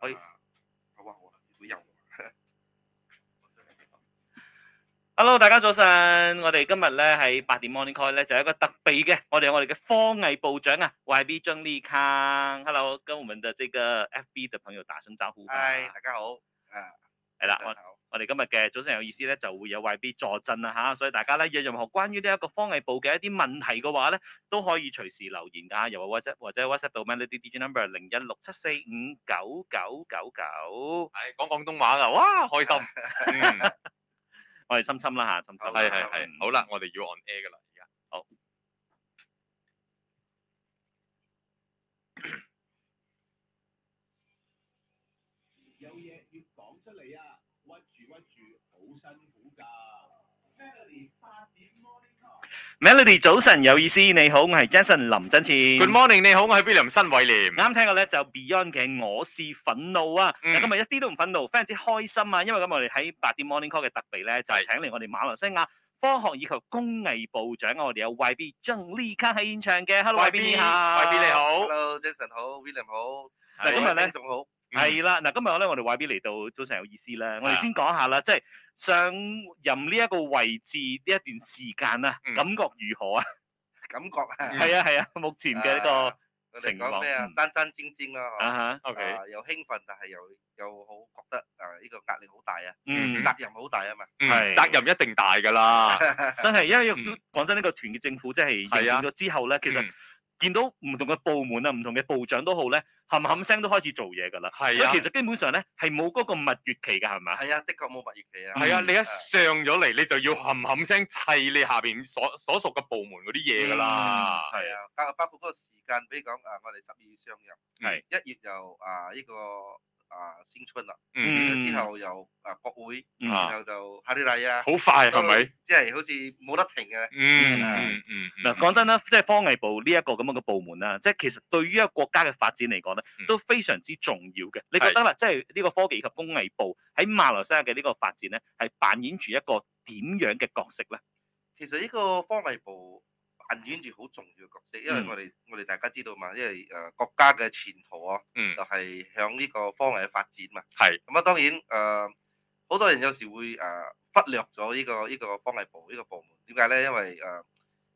可以，好啊好啊，你好。Hello，大家早晨。我哋今日咧喺八點 Morning Call 咧，就係有一個特備嘅，我哋有我哋嘅科藝部長啊，YB 鄭立慷。Hello，跟我們的這個 FB 嘅朋友打聲招呼。係，大家好。啊，係啦，我。我哋今日嘅早晨有意思咧，就會有 YB 助陣啦嚇，所以大家咧有任何關於呢一個方藝部嘅一啲問題嘅話咧，都可以隨時留言噶嚇，又或 WhatsApp 或者 WhatsApp 到 Melody DJ number 零一六七四五九九九九，係講廣東話噶，哇開心， 我哋深沉啦嚇，深沉，係係係，好啦，我哋要 on air 噶啦。辛苦噶，Melody，早晨有意思，你好，我係 Jason 林振賜。Good morning，你好，我係 William 新偉廉。啱聽過咧就 Beyond 嘅我是憤怒啊，今日一啲都唔憤怒，非常之開心啊，因為今日我哋喺八點 Morning Call 嘅特備咧就係請嚟我哋馬來西亞科學以及工藝部長啊，我哋有 YB 曾麗卡喺現場嘅，Hello，YB 你好，YB 你好，Hello Jason 好，William 好，今日咧仲好。係啦，嗱，今日咧我哋 YB 嚟到，早上有意思啦。我哋先講下啦，即係上任呢一個位置呢一段時間啊，感覺如何啊？感覺啊，係啊係啊，目前嘅呢個情況咩啊，針針尖尖咯，啊哈，OK，又興奮，但係又又好覺得啊呢個壓力好大啊，嗯，責任好大啊嘛，係，責任一定大噶啦，真係，因為講真，呢個團結政府即係變咗之後咧，其實。見到唔同嘅部門啊，唔同嘅部長都好咧，冚冚聲都開始做嘢㗎啦。係啊，其實基本上咧係冇嗰個蜜月期㗎，係咪？係啊，的確冇蜜月期啊。係、嗯、啊，你一上咗嚟，你就要冚冚聲砌你下邊所所屬嘅部門嗰啲嘢㗎啦。係、嗯、啊，啊，包括包括嗰個時間，比如講誒、啊，我哋十二月上任，係、嗯、一月由啊呢、這個。啊，新春啦、啊，嗯、之後又啊國會，嗯啊、然後就下啲禮啊，好快係咪？即係好似冇得停嘅、嗯的嗯。嗯，嗱、嗯，講、嗯、真啦，即、就、係、是、科藝部呢一個咁樣嘅部門啦，即、就、係、是、其實對於一個國家嘅發展嚟講咧，都非常之重要嘅。你覺得啦，即係呢個科技及工藝部喺馬來西亞嘅呢個發展咧，係扮演住一個點樣嘅角色咧？其實呢個科藝部。扮演住好重要嘅角色，嗯、因為我哋我哋大家知道嘛，因為誒、呃、國家嘅前途啊，就係、嗯、向呢個方藝嘅發展嘛。係咁啊，當然誒，好、呃、多人有時會誒、呃、忽略咗呢、這個呢、這個方藝部呢個部門。點解咧？因為誒、呃，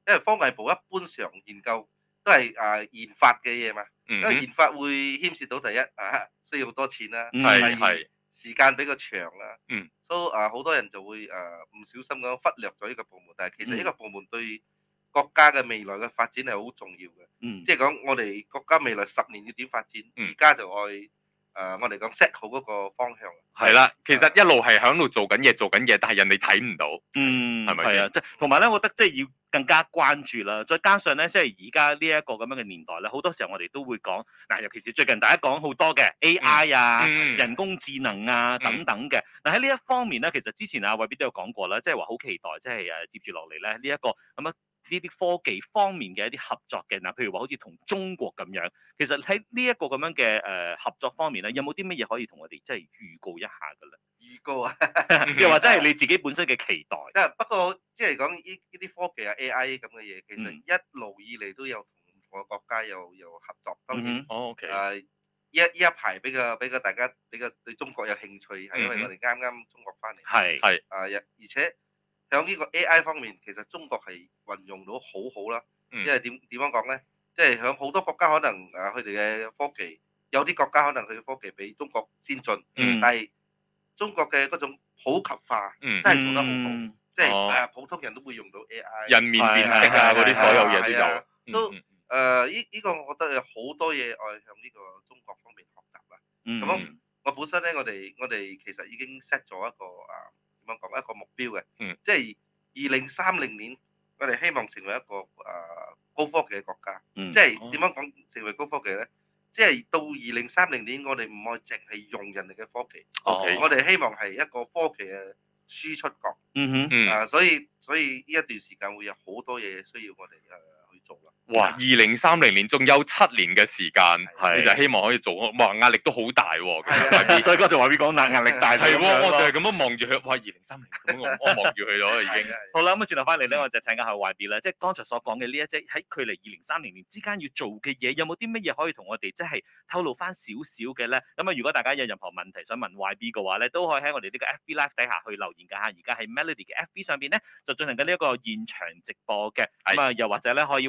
因為方藝部一般常研究都係誒、呃、研發嘅嘢嘛。嗯嗯，因為研發會牽涉到第一啊，需要好多錢啦。嗯，係係時間比較長啦。是嗯，所以誒好、呃、多人就會誒唔小心咁忽略咗呢個部門，但係其實呢個部門對、嗯。嗯國家嘅未來嘅發展係好重要嘅，嗯，即係講我哋國家未來十年要點發展，而家、嗯、就愛誒，我哋講 set 好嗰個方向，係啦的，嗯、其實一路係響度做緊嘢，做緊嘢，但係人哋睇唔到，嗯，係咪啊？即係同埋咧，我覺得即係要更加關注啦，再加上咧，即係而家呢一個咁樣嘅年代咧，好多時候我哋都會講，嗱，尤其是最近大家講好多嘅 AI 啊，嗯、人工智能啊等等嘅，嗯嗯嗯、但喺呢一方面咧，其實之前阿慧必都有講過啦，即係話好期待、這個，即係誒接住落嚟咧呢一個咁樣。呢啲科技方面嘅一啲合作嘅，嗱，譬如話好似同中國咁樣，其實喺呢一個咁樣嘅誒合作方面咧，有冇啲乜嘢可以同我哋即係預告一下㗎啦？預告啊， 又或者係你自己本身嘅期待？即係、 嗯、不過即係講呢依啲科技啊 AI 咁嘅嘢，其實一路以嚟都有同唔同國家有又合作。當然嗯，O K。誒、okay.，一一排比較比較大家比較對中國有興趣，係因為我哋啱啱中國翻嚟。係係、嗯哼。誒，而且。響呢個 AI 方面，其實中國係運用到好好啦。嗯、因為點點樣講咧，即係響好多國家可能誒，佢哋嘅科技有啲國家可能佢嘅科技比中國先進，嗯、但係中國嘅嗰種普及化，嗯、真係做得好好，即係誒普通人都會用到 AI，人面辨識啊嗰啲所有嘢都有。都誒、啊，呢呢個我覺得有好多嘢我向呢個中國方面學習啦。咁、嗯嗯、我，我本身咧，我哋我哋其實已經 set 咗一個誒。嗯點樣講一個目標嘅，嗯、即係二零三零年，我哋希望成為一個誒、呃、高科技嘅國家。嗯、即係點樣講成為高科技咧？嗯、即係到二零三零年，我哋唔可以淨係用人哋嘅科技。哦、我哋希望係一個科技嘅輸出國。嗯哼，啊、嗯呃，所以所以呢一段時間會有好多嘢需要我哋誒。呃哇！二零三零年仲有七年嘅時間，係的你就希望可以做，哇！壓力都好大，哦，所以 哥就話俾講啦，壓力大。係喎， 我就係咁樣望住佢，哇！二零三零咁我望住佢咗已經。 的好啦，咁、嗯、啊，轉頭翻嚟咧，嗯、我就請教下我 Y B 啦，即係剛才所講嘅呢一隻喺距離二零三零年之間要做嘅嘢，有冇啲乜嘢可以同我哋即係透露翻少少嘅咧？咁啊，如果大家有任何問題想問 Y B 嘅話咧，都可以喺我哋呢個 F B Live 底下去留言噶吓。而家喺 Melody 嘅 F B 上邊咧，就進行緊呢一個現場直播嘅。咁啊的，又或者咧可以。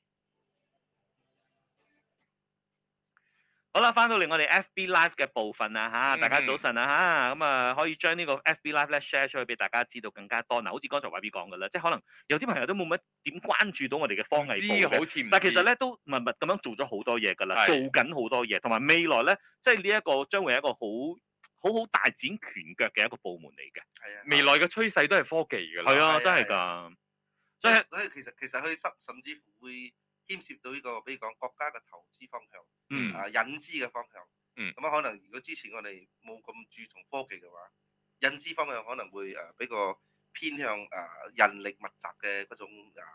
好啦，翻到嚟我哋 FB Live 嘅部分啦嚇，大家早晨啊嚇，咁啊可以將呢個 FB Live 咧 share 出去俾大家知道更加多。嗱，好似剛才話俾你講嘅啦，即係可能有啲朋友都冇乜點關注到我哋嘅方藝部，但其實咧都默默咁樣做咗好多嘢噶啦，做緊好多嘢，同埋未來咧，即係呢一個將會係一個好好好大展拳腳嘅一個部門嚟嘅。係啊，未來嘅趨勢都係科技㗎啦。係啊，真係㗎，所以其實其實佢甚至乎會，牽涉到呢、這個，比如講國家嘅投資方向，嗯，啊，引資嘅方向，嗯，咁啊，可能如果之前我哋冇咁注重科技嘅話，引資方向可能會誒比較偏向誒人力密集嘅嗰種誒，即、啊、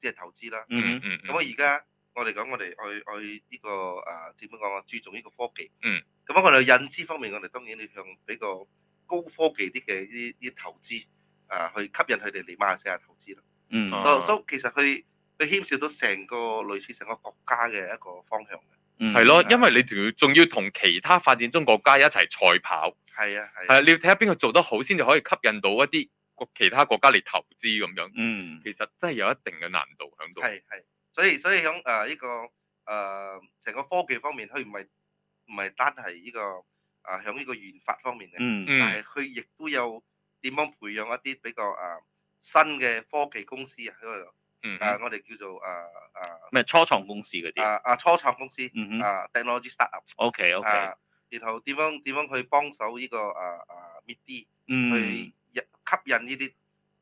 係、就是、投資啦、嗯，嗯嗯，咁我而家我哋講我哋去去、這、呢個誒點樣講注重呢個科技，嗯，咁啊我哋引資方面我哋當然要向比較高科技啲嘅呢呢投資，啊，去吸引佢哋嚟馬來西亞投資啦，嗯，所、啊 so, so、其實去。佢牽涉到成個類似成個國家嘅一個方向嘅，嗯，係咯，因為你仲要仲要同其他發展中國家一齊賽跑，係啊，係啊，你要睇下邊個做得好先至可以吸引到一啲其他國家嚟投資咁樣，嗯，其實真係有一定嘅難度喺度，係係，所以所以響誒呢個誒成個科技方面，佢唔係唔係單係呢個啊響呢個研發方面嘅。嗯，但係佢亦都有點樣培養一啲比較啊新嘅科技公司啊喺度。Uh, uh, uh, 嗯，啊，我哋叫做啊啊咩初創公司嗰啲啊啊初創公司，啊、uh huh. uh, technology startup，OK, OK.、uh, 然後點樣點樣去幫手呢個啊啊 m e d i 去吸引呢啲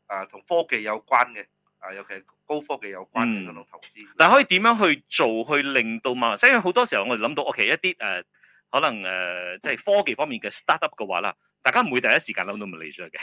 啊同科技有關嘅，啊尤其係高科技有關嘅嗰度投資。但，可以點樣去做去令到嘛？所以好多時候我哋諗到，o k 一啲誒可能誒即係科技方面嘅 startup 嘅話啦，大家唔會第一時間諗到 Malaysia 出嚟嘅，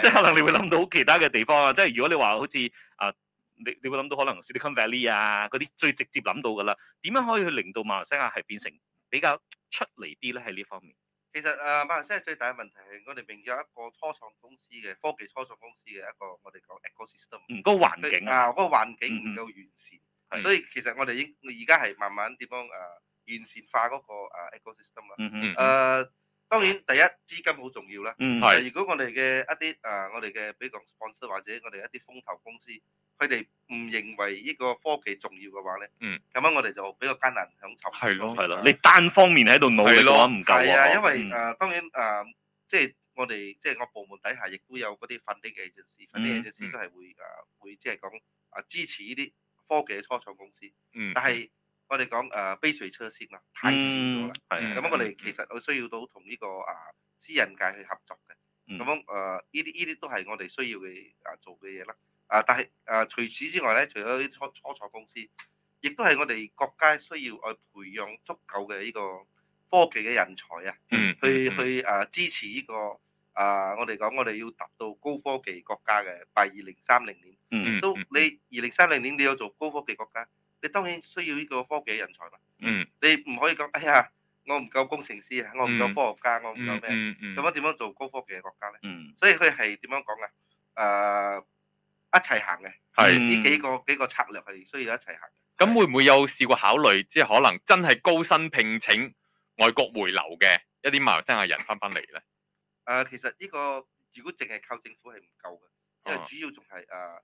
即係可能你會諗到其他嘅地方啊。即係如果你話好似啊。你你會諗到可能 Silicon Valley 啊，嗰啲最直接諗到噶啦，點樣可以去令到馬來西亞係變成比較出嚟啲咧？喺呢方面，其實誒、呃、馬來西亞最大嘅問題係我哋明有一個初創公司嘅科技初創公司嘅一個我哋講 ecosystem，嗯嗰個環境啊，呃嗰個環境唔夠完善，嗯、所以其實我哋應而家係慢慢點樣誒完善化嗰、嗰個 ecosystem 啊，誒。當然，第一資金好重要啦。嗯，係。如果我哋嘅一啲誒、呃，我哋嘅比較放新或者我哋一啲風投公司，佢哋唔認為呢個科技重要嘅話咧，嗯，咁樣我哋就比較艱難享受。係咯，係咯。你單方面喺度努力嘅話唔夠啊。係啊，因為誒、嗯呃、當然誒、呃，即係我哋即係我，我部門底下亦都有嗰啲憤啲嘅嘅事，憤啲嘅嘢嘅事都係會誒、呃、會即係講啊支持呢啲科技嘅初創公司。嗯，但係。我哋講誒杯水車薪啦，太少咗啦。咁、嗯、我哋其實我需要到同呢個啊私人界去合作嘅。咁樣誒，呢啲呢啲都係我哋需要嘅誒做嘅嘢啦。啊，但係誒除此之外咧，除咗初，初初創公司，亦都係我哋國家需要去培養足夠嘅呢個科技嘅人才啊。嗯嗯、去去誒支持呢、這個啊、呃，我哋講我哋要達到高科技國家嘅 by 二零三零年。都、嗯嗯嗯 so, 你二零三零年你有做高科技國家。你當然需要呢個科技人才啦。嗯。你唔可以講，哎呀，我唔夠工程師啊，我唔夠科學家，我唔夠咩？咁樣點樣做高科技嘅國家咧？嗯。所以佢係點樣講嘅？誒、呃，一齊行嘅。係是。呢幾個幾個策略係需要一齊行。嘅、嗯。咁會唔會有試過考慮，即係可能真係高薪聘請外國回流嘅一啲馬來西亞人翻翻嚟咧？誒、呃，其實呢、這個如果淨係靠政府係唔夠嘅，因為主要仲係誒。啊啊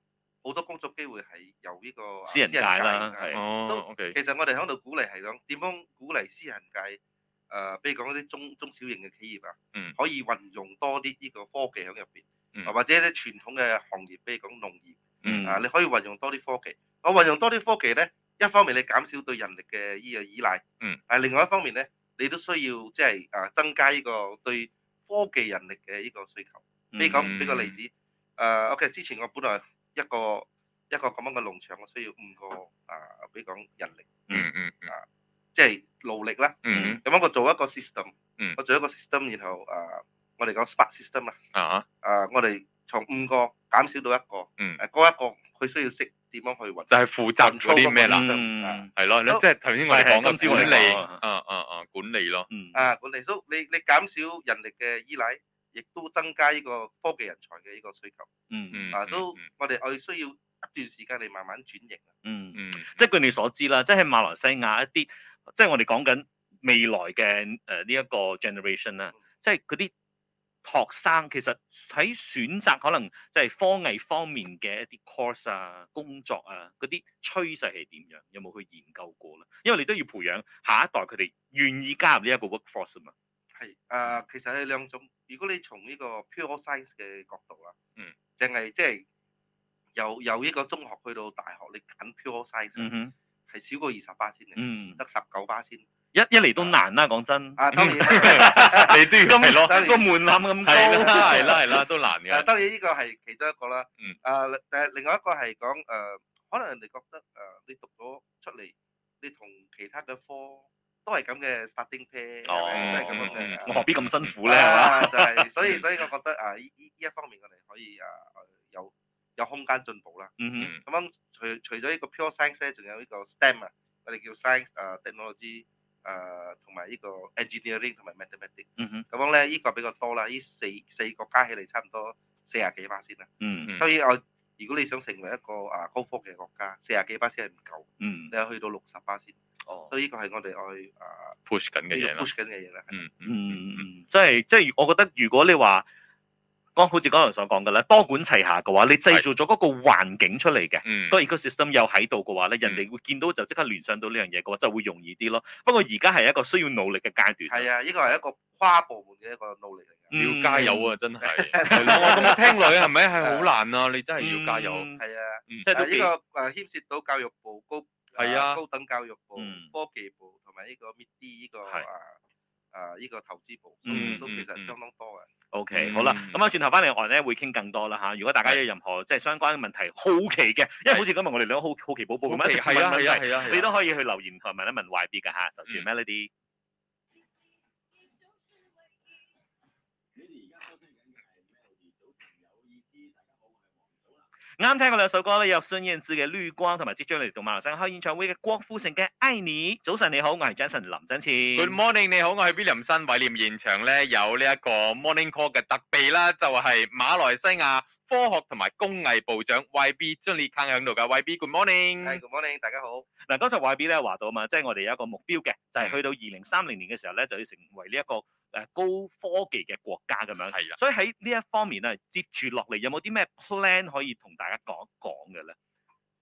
好多工作機會係由呢個私人界啦，係，都、哦 okay、其實我哋喺度鼓勵係講點樣鼓勵私人界，誒、呃，比如講一啲中中小型嘅企業啊，嗯、可以運用多啲呢個科技喺入邊，嗯、或者啲傳統嘅行業，比如講農業，嗯、啊，你可以運用多啲科技。我運用多啲科技咧，一方面你減少對人力嘅依個依賴，但、嗯啊、另外一方面咧，你都需要即係誒增加呢個對科技人力嘅呢個需求。比如講呢個例子，誒、呃、OK，之前我本來。一個一個咁樣嘅農場，我需要五個啊，比如講人力，嗯嗯嗯，啊，即係勞力啦。嗯。咁我做一個 system，嗯，我做一個 system，然後啊，我哋講 spark system 啊，啊，啊，我哋從五個減少到一個，嗯，嗰一個佢需要識點樣去運，就係負責嗰啲咩啦，嗯，係咯，即係頭先我哋講緊管理，啊啊啊，管理咯，嗯，啊管理，so 你你減少人力嘅依賴。亦都增加呢個科技人才嘅呢個需求。嗯嗯，啊都、嗯、我哋我哋需要一段時間嚟慢慢轉型啊。嗯嗯，嗯即係據你所知啦，即係馬來西亞一啲，即係我哋講緊未來嘅誒呢一個 generation 啦、嗯，即係嗰啲學生其實喺選擇可能即係科技方面嘅一啲 course 啊、工作啊嗰啲趨勢係點樣？有冇去研究過啦？因為你都要培養下一代佢哋願意加入呢一個 workforce 啊嘛。誒，其實係兩種。如果你從呢個 pure science 嘅角度啦，嗯，淨係即係由由呢個中學去到大學，你揀 pure science 嗯係少過二十八先嘅，嗯，得十九巴先。一一嚟都難啦，講真。啊，當然嚟到咁，但係個門檻咁高。係啦，係啦，係啦，都難嘅。當然，呢個係其中一個啦。嗯。誒，另外一個係講誒，可能人哋覺得誒，你讀咗出嚟，你同其他嘅科。都係咁嘅 starting pay，i 都係咁嘅。哦、我何必咁辛苦咧？ 就係、是，所以所以，我覺得啊，依依一方面，我哋可以啊有有空間進步啦。咁、嗯嗯、樣除除咗呢個 pure science 咧，仲有呢個 STEM cience,、uh, 啊，我哋叫 science 啊，technology 同埋呢個 engineering 同埋 mathematic 咁樣咧，呢、呢個比較多啦。呢四四個加起嚟差唔多四廿幾巴先啦。當然、嗯嗯、我如果你想成為一個啊高科技國家，四廿幾巴先係唔夠。嗯、你去到六十巴先。哦，所以呢個係我哋愛 push 緊嘅嘢啦，push 緊嘅嘢咧。嗯嗯嗯，即係即係，我覺得如果你話，講好似啱啱所講嘅咧，多管齊下嘅話，你製造咗嗰個環境出嚟嘅，嗯，個 ecosystem 又喺度嘅話咧，人哋會見到就即刻聯想到呢樣嘢嘅話，就會容易啲咯。不過而家係一個需要努力嘅階段。係啊，呢個係一個跨部門嘅一個努力嚟嘅，要加油啊！真係我咁聽女係咪係好難啊？你真係要加油。係啊，即係呢個誒牽涉到教育部公。係啊，高等教育部、科技部同埋呢個 MIDI 呢個啊啊呢個投資部，都其實相當多嘅。O K 好啦，咁啊轉頭翻嚟我咧會傾更多啦吓。如果大家有任何即係相關嘅問題好奇嘅，因為好似今日我哋兩個好好奇寶寶咁樣一啲問問題，你都可以去留言同埋問一問 Y B 噶吓，甚至 Melody。啱聽過兩首歌咧，有孫燕姿嘅綠光，同埋即將嚟到馬來西亞開演唱會嘅郭富城嘅愛你。早晨你好，我係 Jason 林真前。Good morning，你好，我係 William 新。懷念現場咧，有呢一個 Morning Call 嘅特備啦，就係馬來西亞科學同埋工藝部長 YB 鄭立慷響度噶。YB，Good morning。係 Good morning，大家好。嗱，剛才 YB 咧話到啊嘛，即係我哋有一個目標嘅，就係去到二零三零年嘅時候咧，就要成為呢一個。誒高科技嘅國家咁樣，係啊的，所以喺呢一方面咧，接住落嚟有冇啲咩 plan 可以同大家講一講嘅咧？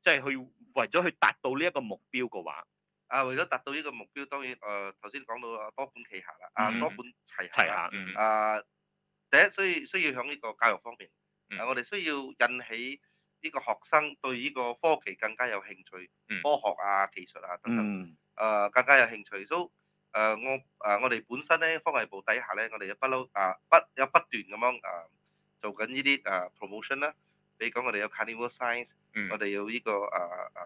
即、就、係、是、去為咗去達到呢一個目標嘅話，啊，為咗達到呢個目標，當然誒頭先講到多管齊下啦，啊，多管齊齊下，啊，第一需需要喺呢個教育方面，啊、我哋需要引起呢個學生對呢個科技更加有興趣，科學啊、技術啊等等，誒、嗯啊、更加有興趣都。誒我誒我哋本身咧，科技部底下咧，我哋不嬲啊不有不斷咁樣啊，啊做緊呢啲誒 promotion 啦。比如講我哋有 Carnival Science、嗯、我哋有呢、呢個誒誒、啊啊，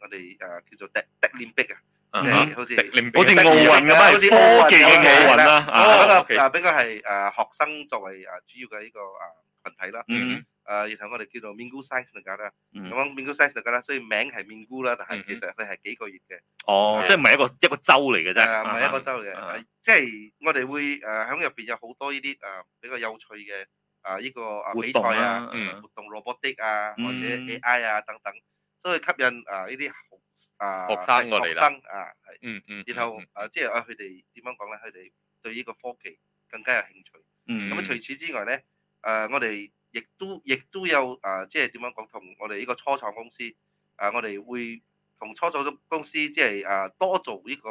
我哋誒、啊、叫做 The The Limit Big 啊，誒好似好似奧運咁啊，啊科技嘅吧奧運啦啊，嗰個誒比較係誒、啊、學生作為誒主要嘅呢個誒羣體啦。嗯。嗯。誒然後我哋叫做 Minggu Science 啦，咁啊 Minggu Science 啦，所以名係 Minggu 啦，但係其實佢係幾個月嘅，哦，即係唔係一個一個州嚟嘅啫，唔係一個州嘅，即係我哋會誒喺入邊有好多呢啲誒比較有趣嘅誒呢個誒比賽啊，活動，Robotic 啊，或者 AI 啊等等，都可以吸引誒呢啲學誒學生過嚟啦，嗯嗯，然後誒即係佢哋點樣講咧？佢哋對呢個科技更加有興趣，咁除此之外咧誒我哋。亦都亦都有啊、呃，即係點樣講？同我哋呢個初創公司啊、呃，我哋會同初創公司，即係啊，多做呢個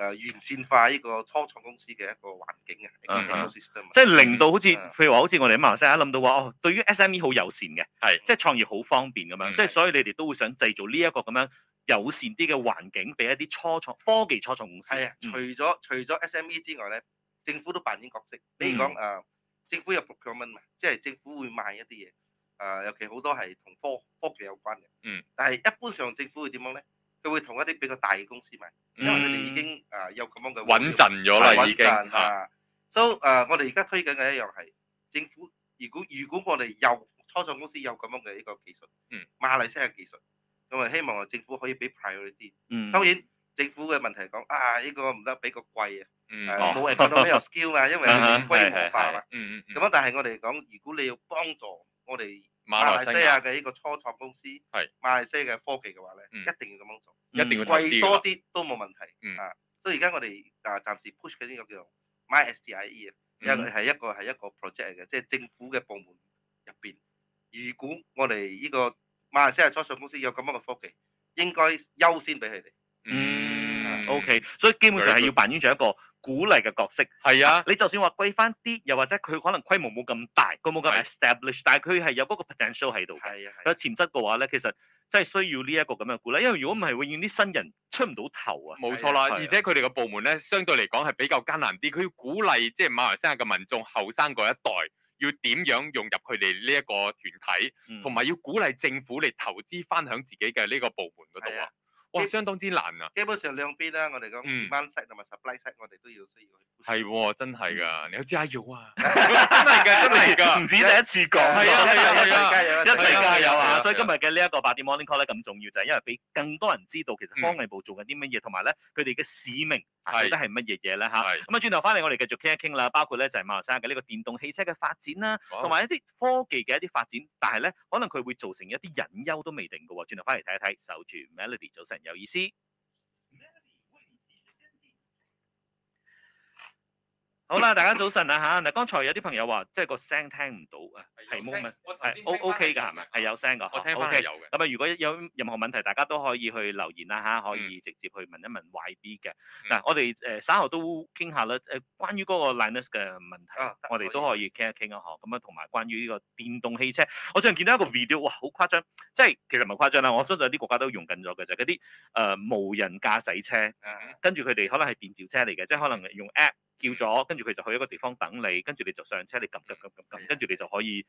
啊完善化呢個初創公司嘅一個環境啊，即係令到好似，譬如話好似我哋喺馬來西亞諗到話哦，對於 SME 好友善嘅，係即係創業好方便咁樣，即係所以你哋都會想製造呢一個咁樣友善啲嘅環境，俾、mm hmm. 一啲初創科技初創公司。係啊，除咗、mm hmm. 除咗 SME 之外咧，政府都扮演角色，比如講啊。呃政府有 procurement 嘛，即係政府會賣一啲嘢，誒、呃，尤其好多係同科科技有關嘅。嗯。但係一般上政府會點樣咧？佢會同一啲比較大嘅公司買，因為佢哋已經誒、呃、有咁樣嘅穩陣咗啦，已經嚇。So 誒、啊呃，我哋而家推緊嘅一樣係政府，如果如果我哋有初創公司有咁樣嘅一個技術，嗯，馬來西亞技術，咁啊希望政府可以俾 priority。嗯。當然政府嘅問題係講啊，呢、這個唔得，比，個比較貴啊。嗯，冇係講到咩 skill 啊，因為係規模化啦。 嗯嗯咁啊，但係我哋講，如果你要幫助我哋馬來西亞嘅呢個初創公司，係馬來西亞嘅科技嘅話咧，嗯、一定要咁樣做，一定要貴多啲都冇問題。嗯、啊，所以而家我哋啊暫時 push 嘅呢個叫做 MySTIE 啊、嗯，因為係一個係一個 project 嚟嘅，即係政府嘅部門入邊。如果我哋呢個馬來西亞初創公司有咁樣嘅科技，應該優先俾佢哋。嗯，OK，所以基本上係要扮演住一個。鼓勵嘅角色係啊，你就算話貴翻啲，又或者佢可能規模冇咁大，佢冇咁 establish，是但係佢係有嗰個 potential 喺度嘅。係啊有、啊、潛質嘅話咧，其實真係需要呢一個咁嘅鼓勵，因為如果唔係永遠啲新人出唔到頭啊。冇錯啦，啊啊、而且佢哋嘅部門咧，相對嚟講係比較艱難啲，佢要鼓勵即係馬來西亞嘅民眾後生嗰一代，要點樣融入佢哋呢一個團體，同埋、嗯、要鼓勵政府嚟投資翻響自己嘅呢個部門嗰度啊。哇，相當之難啊！基本上兩邊啦，我哋講 demand side 同埋 supply side 我哋都要需要去。係真係噶，你有加油啊？真係噶，真係噶，唔 止第一次講，係啊，係 啊，一齊加油，一齊加油。今日嘅呢一個八點 morning call 咧，咁重要就係、是、因為俾更多人知道其實方力部做緊啲乜嘢，同埋咧佢哋嘅使命到底係乜嘢嘢咧嚇。咁是啊，轉頭翻嚟，的我哋繼續傾一傾啦，包括咧就係、是、馬來西亞嘅呢個電動汽車嘅發展啦、啊，同埋哇一啲科技嘅一啲發展，但係咧可能佢會造成一啲隱憂都未定嘅喎、啊。轉頭翻嚟睇一睇，守住 melody，早晨有意思。好啦，大家早晨啦嚇！嗱，剛才有啲朋友話，即係個聲聽唔到啊，係冇咩？係 O O K 㗎，係咪？係有聲㗎，O K。咁啊，如果有任何問題，大家都可以去留言啦嚇，可以直接去問一問 Y B 嘅嗱。我哋誒稍後都傾下啦。誒，關於嗰個 Linus 嘅問題，我哋都可以傾一傾啊，嗬。咁樣同埋關於呢個電動汽車，我最近見到一個 video，哇，好誇張！即係其實唔係誇張啦，我相信有啲國家都用緊咗嘅，就係嗰啲誒無人駕駛車，跟住佢哋可能係電召車嚟嘅，即係可能用 app。叫咗，跟住佢就去一個地方等你，跟住你就上車，你撳撳撳撳撳，跟住你就可以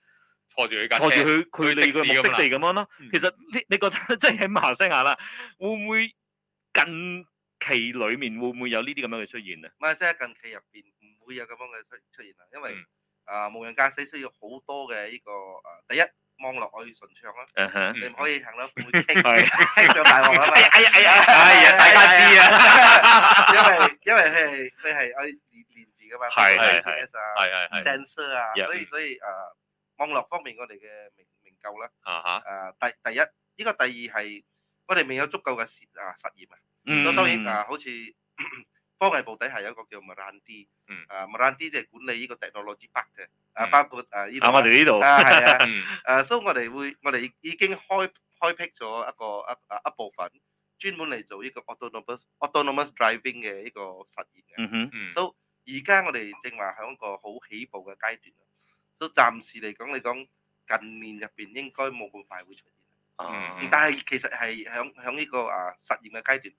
坐住佢架車，坐住去佢哋嘅目的地咁樣咯。其實你你覺得即係馬來西亞啦，會唔會近期裡面會唔會有呢啲咁樣嘅出現咧？馬來西亞近期入邊唔會有咁樣嘅出出現啦，因為啊，無人駕駛需要好多嘅呢個啊，第一。網絡可以順暢啦，uh huh. 你唔可以行到，傾傾上大鑊啊嘛！哎呀哎呀哎呀，大家知啊， 因為因為佢係佢係可以連連住㗎嘛，係係係啊，係係啊，所以所以啊，網絡方面我哋嘅名名夠啦，誒第、呃、第一，呢、這個第二係我哋未有足夠嘅實啊實驗啊，嗯，咁當然啊，好似。科技部底下有一個叫 Morandi、嗯、啊 Morandi 即係管理呢個 technology park 嘅、嗯，啊包括啊依度、啊 啊。我哋呢度。啊，啊，誒，所以我哋會，我哋已經開開闢咗一個一啊一部分，專門嚟做呢個 autonomous autonomous driving 嘅依個實驗嘅。嗯哼嗯。都而家我哋正話喺一個好起步嘅階段啊，都暫時嚟講你講，近年入邊應該冇咁快會出現。嗯、但係其實係響響依個啊實驗嘅階段。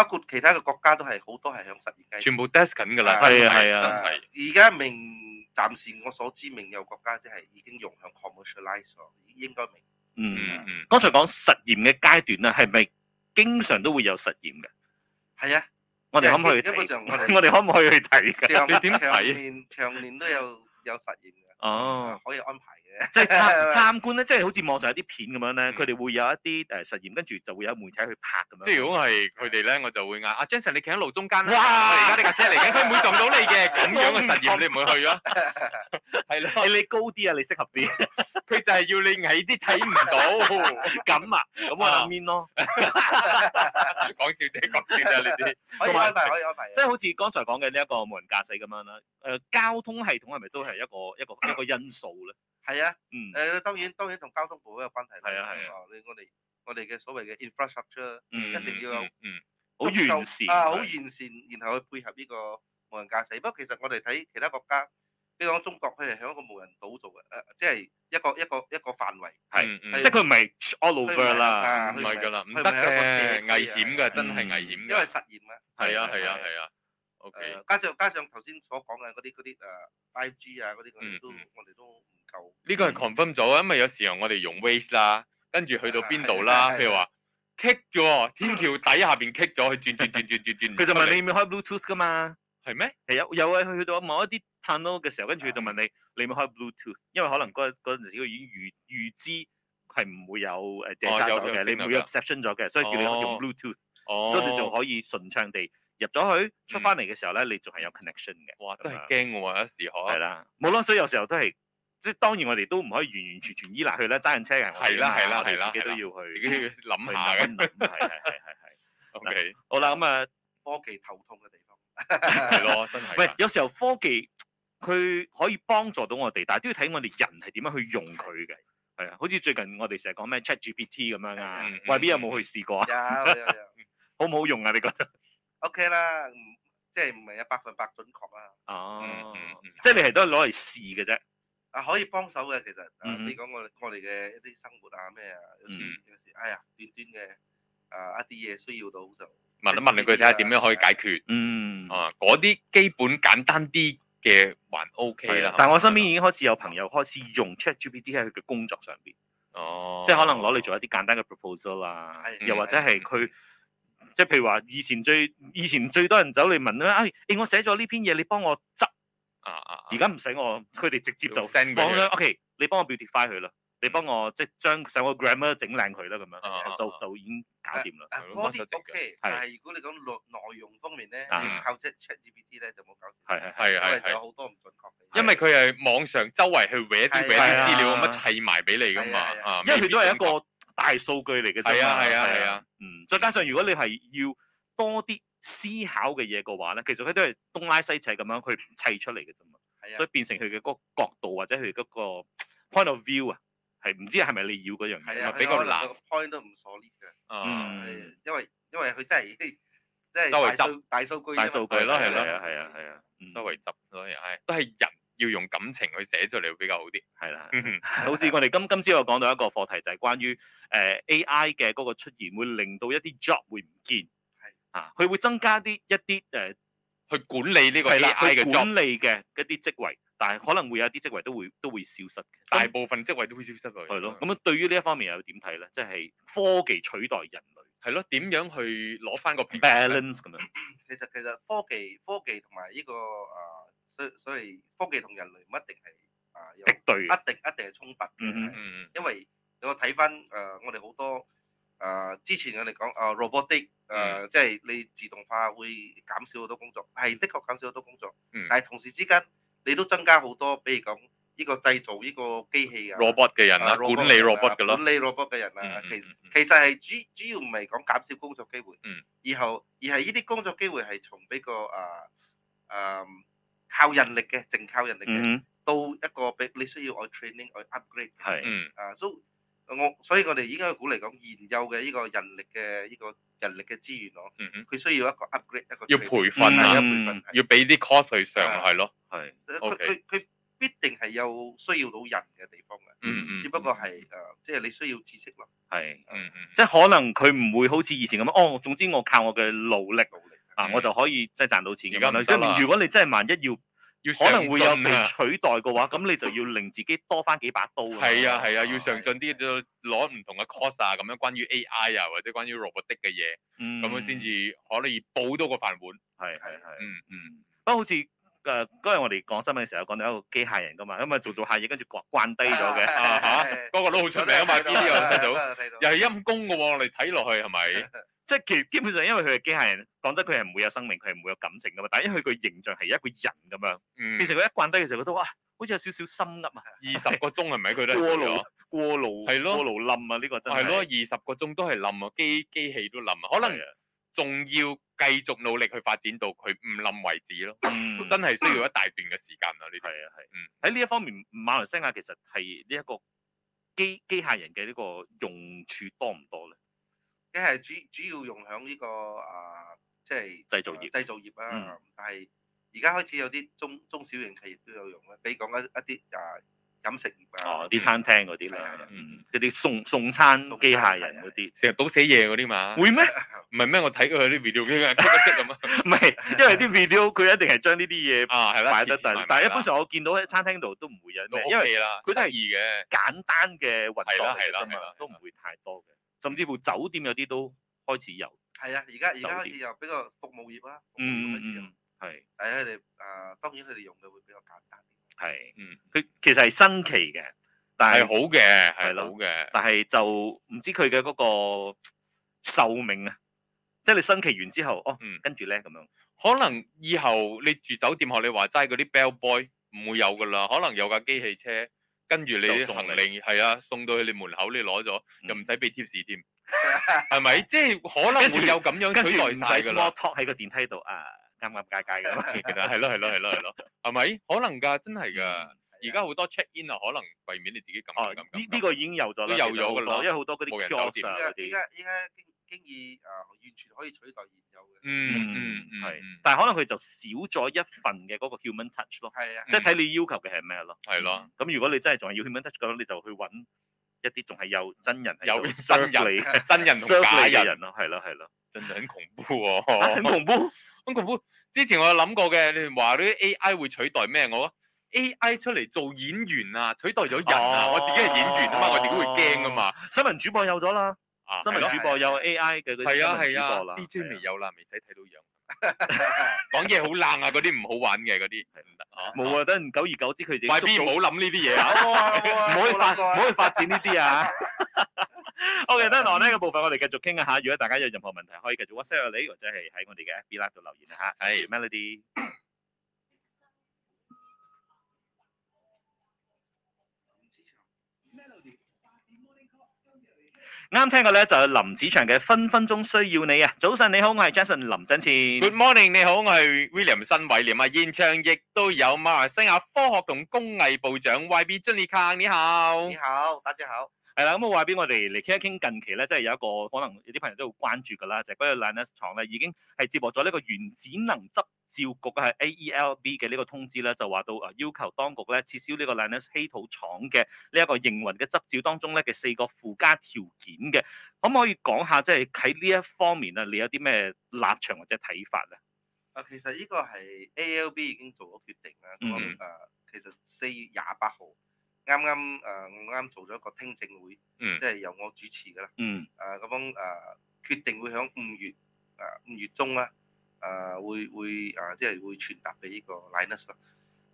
包括其他嘅國家都係好多係響實驗階段，全部 down 緊㗎啦。係啊係啊，而家明暫時我所知，明有國家即係已經用響 commercialize，應該明。嗯嗯，剛才講實驗嘅階段啦，係咪經常都會有實驗嘅？係啊，我哋可唔可以？基本上我哋我哋可唔可以去睇？你點睇？長年長年都有有實驗嘅。哦，可以安排嘅，即係參參觀咧，即係好似網上有啲片咁樣咧，佢哋會有一啲誒實驗，跟住就會有媒體去拍咁樣。即係如果係佢哋咧，我就會嗌阿 Justin，你企喺路中間啦，我而家呢架車嚟緊，佢唔會撞到你嘅咁樣嘅實驗，你唔會去啊？係啦，你你高啲啊，你適合啲。佢就係要你矮啲睇唔到。咁啊，咁我後面咯。講笑啫，講笑啫，你啲可以開大，可以開大。即係好似剛才講嘅呢一個無人駕駛咁樣啦。誒，交通系統係咪都係一個一個？一個因素咧，係啊，嗯，誒當然當然同交通部都有關係，係啊係啊，哦，你我哋我哋嘅所謂嘅 infrastructure，嗯，一定要有，嗯，好完善啊，好完善，然後去配合呢個無人駕駛。不過其實我哋睇其他國家，比如講中國，佢係喺一個無人島做嘅，誒，即係一個一個一個範圍，係，即係佢唔係 all over 啦，唔係㗎啦，唔得嘅，危險嘅，真係危險嘅，因為實驗咧，係啊係啊係啊。誒，加上加上頭先所講嘅嗰啲嗰啲誒，5G 啊嗰啲嗰啲都我哋都唔夠。呢個係 confirm 咗，因為有時候我哋用 Waze 啦，跟住去到邊度啦，譬如話 kick 咗天橋底下邊 kick 咗，佢轉轉轉轉轉轉，佢就問你要唔要開 Bluetooth 噶嘛？係咩？係有有啊，佢去到某一啲 t u 嘅時候，跟住佢就問你你唔要開 Bluetooth，因為可能嗰嗰陣時佢已經預預知係唔會有誒障礙嘅，你會有 exception 咗嘅，所以叫你用 Bluetooth，所以你就可以順暢地。入咗去，出翻嚟嘅時候咧，你仲係有 connection 嘅。哇，都係驚喎！一時可係啦，冇啦，所以有時候都係，即係當然我哋都唔可以完完全全依賴佢咧，揸緊車人係啦係啦係啦，自己都要去，自己要諗下嘅，係係係係係。OK，好啦，咁啊，科技頭痛嘅地方係咯，真係。喂，有時候科技佢可以幫助到我哋，但係都要睇我哋人係點樣去用佢嘅。係啊，好似最近我哋成日講咩 ChatGPT 咁樣啊，喂，邊有冇去試過啊？有有有，好唔好用啊？你覺得？O K 啦，即係唔係有百分百準確啦。哦，即係你係都係攞嚟試嘅啫。啊，可以幫手嘅其實，你講我我哋嘅一啲生活啊咩啊，嗯，有時有時哎呀，短短嘅啊一啲嘢需要到就問一問你佢睇下點樣可以解決。嗯，啊，嗰啲基本簡單啲嘅還 O K 啦。但係我身邊已經開始有朋友開始用 ChatGPT 喺佢嘅工作上邊。哦，即係可能攞嚟做一啲簡單嘅 proposal 啊，又或者係佢。即係譬如話，以前最以前最多人走嚟問咧，誒誒，我寫咗呢篇嘢，你幫我執。啊啊！而家唔使我，佢哋直接就 send 嘅。O.K.，你幫我 beautifulize 佢啦，你幫我即係將上個 grammar 整靚佢啦，咁樣就就已經搞掂啦。嗰啲 O.K. 但係如果你講內內容方面咧，靠即係 ChatGPT 咧就冇搞掂。係係係有好多唔準確嘅。因為佢係網上周圍去搲啲搲啲資料咁樣砌埋俾你㗎嘛。因為佢都係一個。大數據嚟嘅啫，係啊係啊係啊，嗯，再加上如果你係要多啲思考嘅嘢嘅話咧，其實佢都係東拉西扯咁樣去砌出嚟嘅啫嘛，所以變成佢嘅嗰個角度或者佢嗰個 point of view 啊，係唔知係咪你要嗰樣嘢，比較難。個 point 都唔鎖裂嘅，嗯，因為因為佢真係即係大數大數據，大數據咯係咯係啊係啊，周圍執嗰啲嘢，都係人要用感情去寫出嚟會比較好啲，係啦的。 好似我哋今今朝又講到一個課題，就係、是、關於誒、呃、AI 嘅嗰個出現，會令到一啲 job 會唔見，係的啊，佢會增加啲一啲誒的、uh, 去管理呢個 AI 嘅 job 管理嘅一啲職位，但係可能會有啲職位都會都會消失， 以大部分職位都會消失㗎。係咯的，咁樣、嗯、對於呢一方面又點睇咧？即、就、係、是、科技取代人類，係咯，點樣去攞翻個 balance 咁樣？ 其實其實科技科技同埋呢個誒。啊所以科技同人類唔一定係啊，敵、呃、對，一定一定係衝突。嗯嗯嗯，因為我睇翻誒，我哋好多誒、呃，之前我哋講誒 robot 的誒，即、呃、係、呃嗯、你自動化會減少好多工作，係的確減少好多工作。嗯、但係同時之間你都增加好多，比如講呢個製造呢個機器啊，robot 嘅人啊，啊呃、管理 robot 嘅咯，管理 robot 嘅人啊。其實係主主要唔係講減少工作機會，嗯，然後而係呢啲工作機會係從呢個誒誒。啊啊啊啊啊靠人力嘅，淨靠人力嘅，到一個比你需要我 training，我要 upgrade，係，嗯，啊，都我，所以我哋依家股嚟講，現有嘅呢個人力嘅依個人力嘅資源咯，佢需要一個 upgrade，一個要培訓啊，要俾啲 course 去上係咯，係佢佢必定係有需要到人嘅地方嘅，只不過係誒，即係你需要知識咯，係，即係可能佢唔會好似以前咁樣，哦，總之我靠我嘅努力。我就可以即係賺到錢嘅，如果你真係萬一要，可能會有被取代嘅話，咁你就要令自己多翻幾把刀。係啊係啊，要上進啲，就攞唔同嘅 course 啊，咁樣關於 AI 啊，或者關於 robotic 嘅嘢，咁樣先至可以保多個飯碗。係係係，嗯嗯。不過好似誒嗰日我哋講新聞嘅時候，講到一個機械人㗎嘛，咁啊做做下嘢，跟住關低咗嘅嚇，嗰個都好出名啊嘛，呢啲又睇到，又係陰功嘅喎，我哋睇落去係咪？即係其基本上，因為佢係機械人，講真，佢係唔會有生命，佢係唔會有感情㗎嘛。但係因為佢個形象係一個人咁樣，嗯、變成佢一慣低嘅時候，都覺得哇、啊，好似有少少心噏啊！二十個鐘係咪佢都過勞路？ 過勞路咯，過勞冧啊！呢、呢個真係係咯，二十個鐘都係冧啊，機機器都冧啊，可能仲要繼續努力去發展到佢唔冧為止咯。啊、 真係需要一大段嘅時間， 時間啊！呢係啊係，喺呢、啊啊、 一方面，馬來西亞其實係呢一個機機械人嘅呢個用處多唔多咧？即係主主要用喺呢個啊，即係製造業製造業，啦。但係而家開始有啲中中小型企業都有用啦。比如講一一啲啊飲食業啊，啲餐廳嗰啲咧，嗯，嗰啲送送餐機械人嗰啲，成日倒瀉嘢嗰啲嘛，會咩？唔係咩？我睇佢啲 video，咁啊！唔係，因為啲 video 佢一定係將呢啲嘢啊，係啦，擺得順。但係一般上我見到喺餐廳度都唔會有，因為佢都係易嘅簡單嘅運動啫嘛，都唔會太多嘅。甚至乎酒店有啲都開始有，係啊！而家而家開始有比較服務業啊、嗯，嗯嗯嗯，係。誒佢哋誒當然佢哋用嘅會比較簡單啲，係嗯。佢其實係新奇嘅，嗯、但係是好嘅，係好嘅。但係就唔知佢嘅嗰個壽命啊，即係你新奇完之後，哦，嗯、跟住咧咁樣，可能以後你住酒店學你話齋嗰啲 bell boy 唔會有㗎啦，可能有架機器車。跟住你行李，係啊，送到去你門口，你攞咗，嗯、又唔使俾貼士添，係咪？即係可能會有咁樣取台曬摩托喺個電梯度啊，啱啱介介咁，其實係咯係咯係咯係咯，係咪？可能㗎，真係㗎，而家好多 check in 啊，可能避免你自己撳撳。哦、啊，呢呢、這個已經有咗啦，有咗嘅因為好多嗰啲些。輕易誒，完全可以取代現有嘅。嗯嗯，係，但係可能佢就少咗一份嘅嗰個 human touch 咯。係啊，即係睇你要求嘅係咩咯。係咯，咁如果你真係仲係要 human touch 咁，你就去搵一啲仲係有真人，有真人，真人同假人咯。係咯係咯，真係很恐怖喎。恐怖，咁恐怖。之前我有諗過嘅，你話呢啲 AI 會取代咩？我覺得 AI 出嚟做演員啊，取代咗人啊。我自己係演員啊嘛，我自己會驚啊嘛。新聞主播有咗啦。新聞主播有 AI 嘅嗰啲新聞主播啦，DJ 未有啦，未使睇到樣。講嘢好爛啊，嗰啲唔好玩嘅嗰啲，係唔得啊。冇啊，等久而久之佢哋己。喂唔好諗呢啲嘢啊，唔好去發，唔好去發展呢啲啊。OK，得啦，呢個部分我哋繼續傾一下。如果大家有任何問題，可以繼續 WhatsApp 你，或者係喺我哋嘅 FB 欄度留言吓。係 Melody。啱聽過咧就係林子祥嘅分分鐘需要你啊！早晨你好，我係 Jason 林振前。Good morning，你好，我係 William 新偉廉啊！現場亦都有馬來西亞科學同工藝部長 YB 朱麗卡，你好。你好，大家好。係啦，咁我話俾我哋嚟傾一傾近期咧，即係有一個可能有啲朋友都會關注噶啦，就係個 Lynas 廠咧，已經係接獲咗呢個原子能執。照局嘅係 AELB 嘅呢個通知咧，就話到啊，要求當局咧撤銷呢個 Lynas 稀土廠嘅呢一個營運嘅執照當中咧，嘅四個附加條件嘅，可唔可以講下即係喺呢一方面啊，你有啲咩立場或者睇法啊？啊，其實呢個係 ALB 已經做咗決定啦。咁誒、嗯，其實四月廿八號啱啱誒我啱做咗一個聽證會，即係、嗯、由我主持噶啦，嗯，誒咁樣誒決定會響五月誒五月中啦。誒、呃，會會誒、呃，即係會傳達俾呢個 l i n u s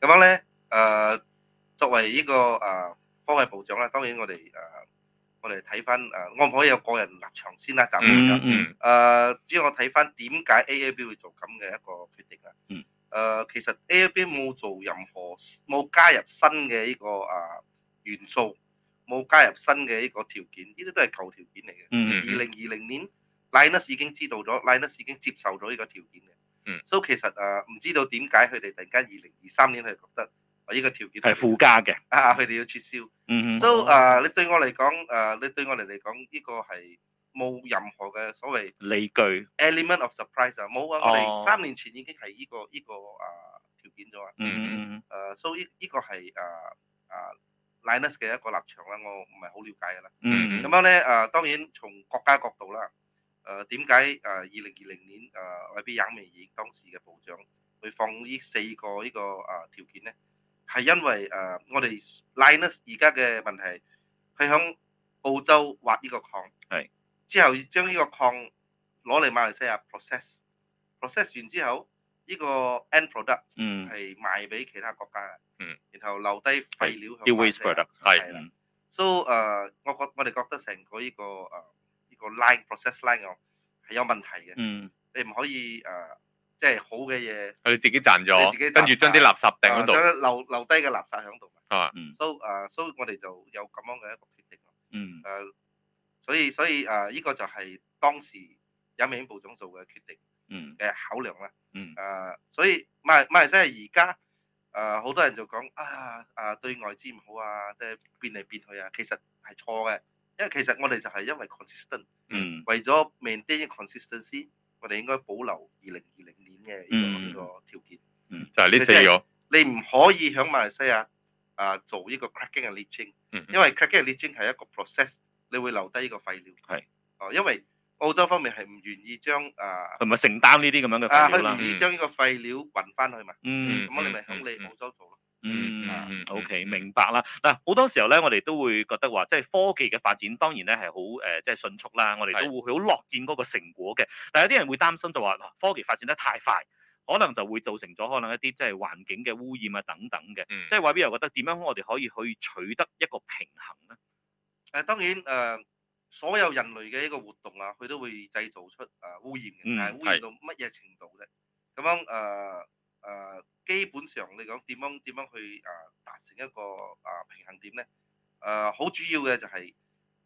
咁樣咧，誒、呃，作為呢、這個誒科技部長啦，當然我哋誒、呃，我哋睇翻誒，我唔可以有個人立場先啦，暫時。嗯嗯、mm。誒、hmm. 呃，主要我睇翻點解 a a b 會做咁嘅一個決定啊？嗯。誒，其實 a a b 冇做任何冇加入新嘅呢、這個誒、啊、元素，冇加入新嘅呢個條件，呢啲都係舊條件嚟嘅。嗯、mm。二零二零年。Linus 已經知道咗，Linus 已經接受咗呢個條件嘅。嗯。So 其實誒，唔知道點解佢哋突然間二零二三年係覺得我呢個條件係附加嘅。啊，佢哋要撤銷。嗯嗯。So 誒，你對我嚟講誒，你對我哋嚟講呢個係冇任何嘅所謂理據。Element of surprise 啊，冇啊，我哋三年前已經係呢個呢個啊條件咗啊。嗯嗯嗯。誒，So 呢個係誒誒 Linus 嘅一個立場啦，我唔係好了解㗎啦。嗯咁樣咧誒，當然從國家角度啦。誒點解誒二零二零年誒委俾雅梅爾當時嘅部長去放呢四個呢個誒條件咧？係因為誒我哋 Lynas 而家嘅問題，佢響澳洲挖呢個礦，係之後將呢個礦攞嚟馬來西亞 process，process 完之後呢個 end product 係賣俾其他國家嘅，然後留低廢料去 waste product，係，So 誒我覺我哋覺得成個呢個誒。line process line 我係有問題嘅，嗯、你唔可以誒，即、呃、係、就是、好嘅嘢，佢自己賺咗，跟住將啲垃圾掟喺度，留留低嘅垃圾喺度。啊，嗯，so 誒、uh,，so 我哋就有咁樣嘅一個決定。嗯，誒，uh, 所以所以誒，呢個就係當時楊美盈部長做嘅決定。嗯、呃，嘅考量啦。嗯，誒，所以唔係唔係，即係而家誒，好多人就講啊啊，對外資唔好啊，即、就、係、是、變嚟變去啊，其實係錯嘅。因為其實我哋就係因為 consistent，嗯、為咗 maintain consistency，我哋應該保留二零二零年嘅呢個條件，嗯嗯、就係、是、呢四個。你唔可以喺馬來西亞啊做呢個 cracking 嘅 leaching，、嗯、因為 cracking 嘅 leaching 係一個 process，你會留低呢個廢料。係是，哦、啊，因為澳洲方面係唔願意將啊，係咪承擔呢啲咁樣嘅廢料啦，唔願意將呢個廢料運翻去嘛。嗯，咁我哋咪喺你澳洲做咯。嗯，嗯、mm hmm，OK，明白啦。嗱，好多時候咧，我哋都會覺得話，即係科技嘅發展當然咧係好誒，即係迅速啦。我哋都會好是的 樂見嗰個成果嘅。但係有啲人會擔心就話，科技發展得太快，可能就會造成咗可能一啲即係環境嘅污染啊等等嘅。嗯、即係為邊又覺得點樣我哋可以去取得一個平衡咧？誒，當然誒，所有人類嘅一個活動啊，佢都會製造出誒污染嘅。嗯，係、嗯。但係污染到乜嘢程度咧？咁樣誒？誒，uh, 基本上你講點樣點樣去誒達、啊、成一個誒、啊、平衡點咧？誒，好主要嘅就係、是、誒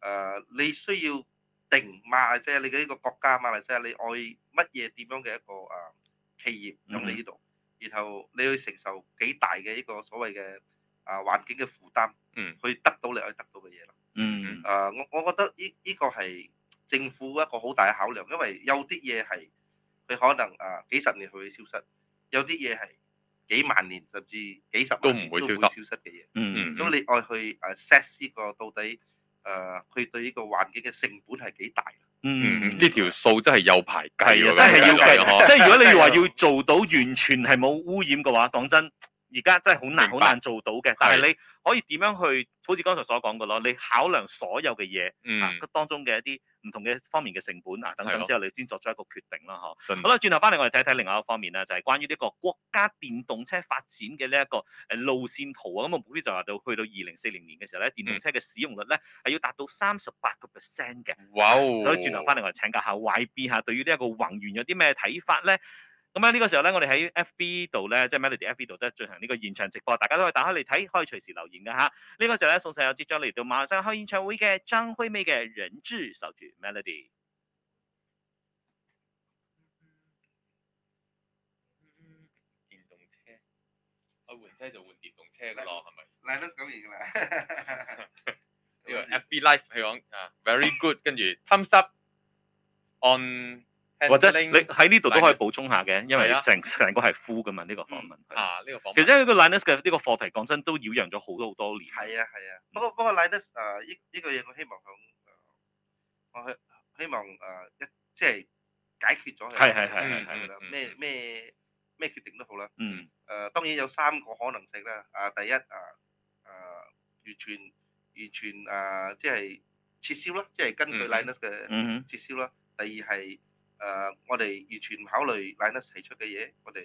，uh, 你需要定嘛即係，你嘅呢個國家嘛嚟啫，你愛乜嘢點樣嘅一個誒、啊、企業咁你呢度，mm hmm. 然後你去承受幾大嘅一個所謂嘅誒環境嘅負擔，嗯，去得到你可以得到嘅嘢啦，嗯、mm，誒、hmm. uh,，我我覺得呢呢、這個係政府一個好大嘅考量，因為有啲嘢係佢可能誒、啊、幾十年佢會消失,消失。有啲嘢係幾萬年甚至幾十萬年都唔會消失嘅嘢。消失嗯，嗯嗯。咁你愛去誒 set 呢個到底誒佢、呃、對呢個環境嘅成本係幾大？嗯嗯。呢條數真係有排計、嗯、啊！真係要計。即係如果你話要做到完全係冇污染嘅話，講真。而家真係好難、好白難做到嘅，但係你可以點樣去？好似剛才所講嘅咯，你考量所有嘅嘢，嗯、啊，當中嘅一啲唔同嘅方面嘅成本啊等等之後，你先作出一個決定咯，嗬的。好啦，轉頭翻嚟，我哋睇睇另外一方面啦，就係、是、關於呢個國家電動車發展嘅呢一個誒路線圖啊。咁我目標就話到去到二零四零年嘅時候咧，電動車嘅使用率咧係要達到三十八個 percent 嘅。哇、哦！咁轉頭翻嚟，我哋請教下 YB 下，對於呢一個宏願有啲咩睇法咧？咁咧呢個時候咧，我哋喺 FB 度咧，即係 Melody FB 度都進行呢個現場直播，大家都可以打開嚟睇，可以隨時留言嘅吓，呢、這個時候咧，送小有友支嚟到馬上山開演唱會嘅張惠妹嘅《人質》收住，Melody。電動車，我、啊、換車就換電動車嘅咯，係咪來？呢個 FB Live 佢講 very good，跟住 thumbs up on。或者 Hand 你喺呢度都可以補充下嘅，因為成成個係 full 嘅嘛，呢、這個訪問。 啊、呢、這個其實呢個 Lynas 嘅呢個課題講真都擾攘咗好多好多年。係啊係啊。不過不過 Lynas 誒依依個嘢，這個，我希望佢，我、啊、希望誒一、啊、即係解決咗佢係係係係係啦。咩咩咩決定都好啦。嗯、啊。誒當然有三個可能性啦。啊第一啊、呃、啊完全完全誒即係撤銷啦，即係根據 Lynas 嘅撤銷啦、嗯。第二係。誒，我哋完全唔考慮賴德提出嘅嘢，我哋誒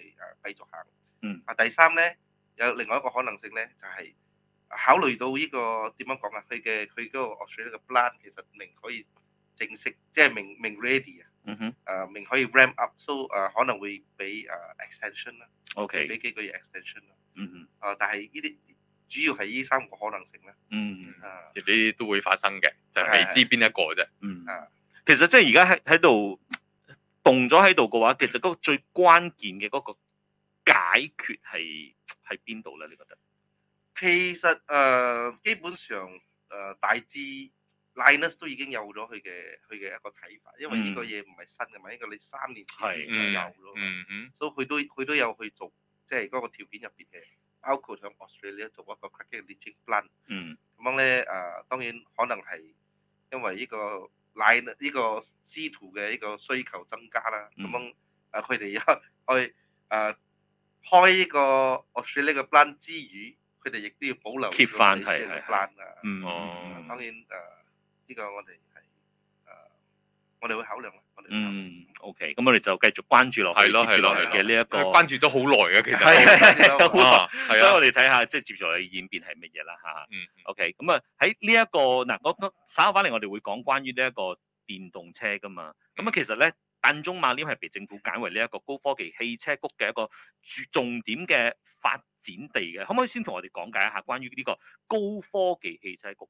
繼續行。嗯。啊，第三咧，有另外一個可能性咧，就係考慮到呢個點樣講啊，佢嘅佢嗰個 Australia 嘅 plan 其實明可以正式，即係明明 ready 啊。嗯哼。誒，明可以 ram up，so 誒可能會俾誒 extension 啦。OK。俾幾個月 extension 啦。嗯哼。啊，但係呢啲主要係呢三個可能性啦。嗯嗯。啊，呢啲都會發生嘅，就未知邊一個啫。嗯。啊，其實即係而家喺喺度。動咗喺度嘅話，其實嗰個最關鍵嘅嗰個解決係喺邊度咧？你覺得？其實誒，基本上誒、呃、大致 Linus 都已經有咗佢嘅佢嘅一個睇法，因為呢個嘢唔係新嘅，嘛，呢個你三年前就有咯。嗯哼， 所以佢都佢都有去做，即係嗰個條件入邊嘅，包括喺 Australia 做一個 critical budget plan。嗯， 咁樣咧誒、呃，當然可能係因為呢、這個。乃呢個師徒嘅呢個需求增加啦，咁樣誒佢哋又去誒開呢個澳洲呢個班之餘，佢哋亦都要保留鐵飯係係，嗯哦、啊，當然啊呢、呃這個我哋係啊，我哋會考量。嗯，OK，咁我哋就繼續關注落去咯，係嘅呢一個關注咗好耐嘅，其實係啊，所以我哋睇下即係接下來演變係乜嘢啦，吓，OK，咁啊喺呢一個嗱，稍後翻嚟我哋會講關於呢一個電動車噶嘛，咁啊其實咧，丹絨馬林係被政府揀為呢一個高科技汽車谷嘅一個注重點嘅發展地嘅，可唔可以先同我哋講解一下關於呢個高科技汽車谷？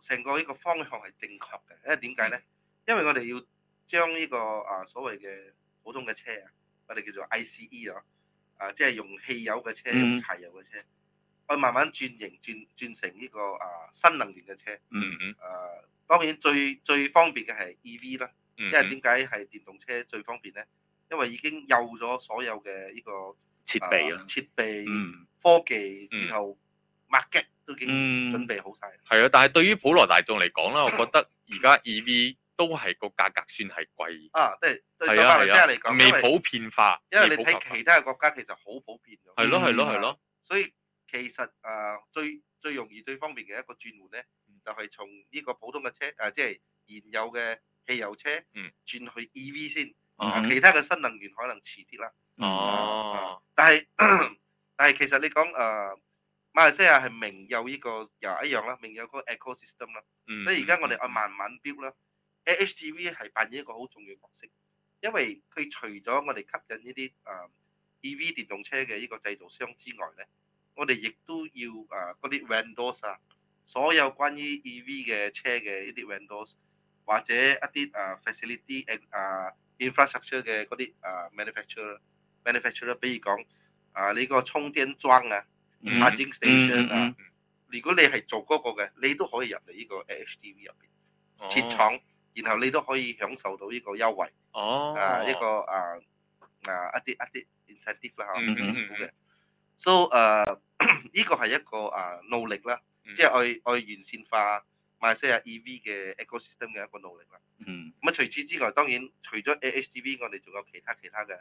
成個呢個方向係正確嘅，因為點解咧？因為我哋要將呢個啊所謂嘅普通嘅車啊，我哋叫做 ICE 啊，啊即係用汽油嘅車、用柴油嘅車，去慢慢轉型轉轉成呢個啊新能源嘅車。嗯嗯。啊，當然最最方便嘅係 EV 啦。因為點解係電動車最方便咧？因為已經有咗所有嘅呢個設備啦。設、啊、備。科技，然後 market。嗯，準備好晒，係啊，但係對於普羅大眾嚟講啦，我覺得而家 EV 都係個價格算係貴。啊，即係對老百姓嚟講，未普遍化。因為你睇其他嘅國家，其實好普遍咗。係咯，係咯，係咯。所以其實誒，最最容易、最方便嘅一個轉換咧，就係從呢個普通嘅車誒，即係現有嘅汽油車轉去 EV 先。其他嘅新能源可能遲啲啦。哦。但係但係，其實你講誒。馬來西亞係明有呢個又一樣啦，明有個 ecosystem 啦，所以而家我哋啊慢慢 build 啦。AHTV 係扮演一個好重要角色，因為佢除咗我哋吸引呢啲啊 EV 電動車嘅呢個製造商之外咧，我哋亦都要啊嗰啲 vendors 啊，所有關於 EV 嘅車嘅呢啲 vendors 或者一啲啊 facility and 啊 infrastructure 嘅嗰啲啊 manufacturer manufacturer，比如講啊呢個充電樁啊。發啊！如果你係做嗰個嘅，你都可以入嚟呢個 h d v 入邊設廠，哦、然後你都可以享受到呢個優惠。哦，啊呢個啊、ad、啊一啲一啲 incentive 啦嚇，政府嘅。so 誒呢個係一個啊努力啦，即係去愛完善化馬來西亞 EV 嘅 ecosystem 嘅一個努力啦。咁啊、嗯嗯、除此之外，當然除咗 a h d v 我哋仲有其他其他嘅。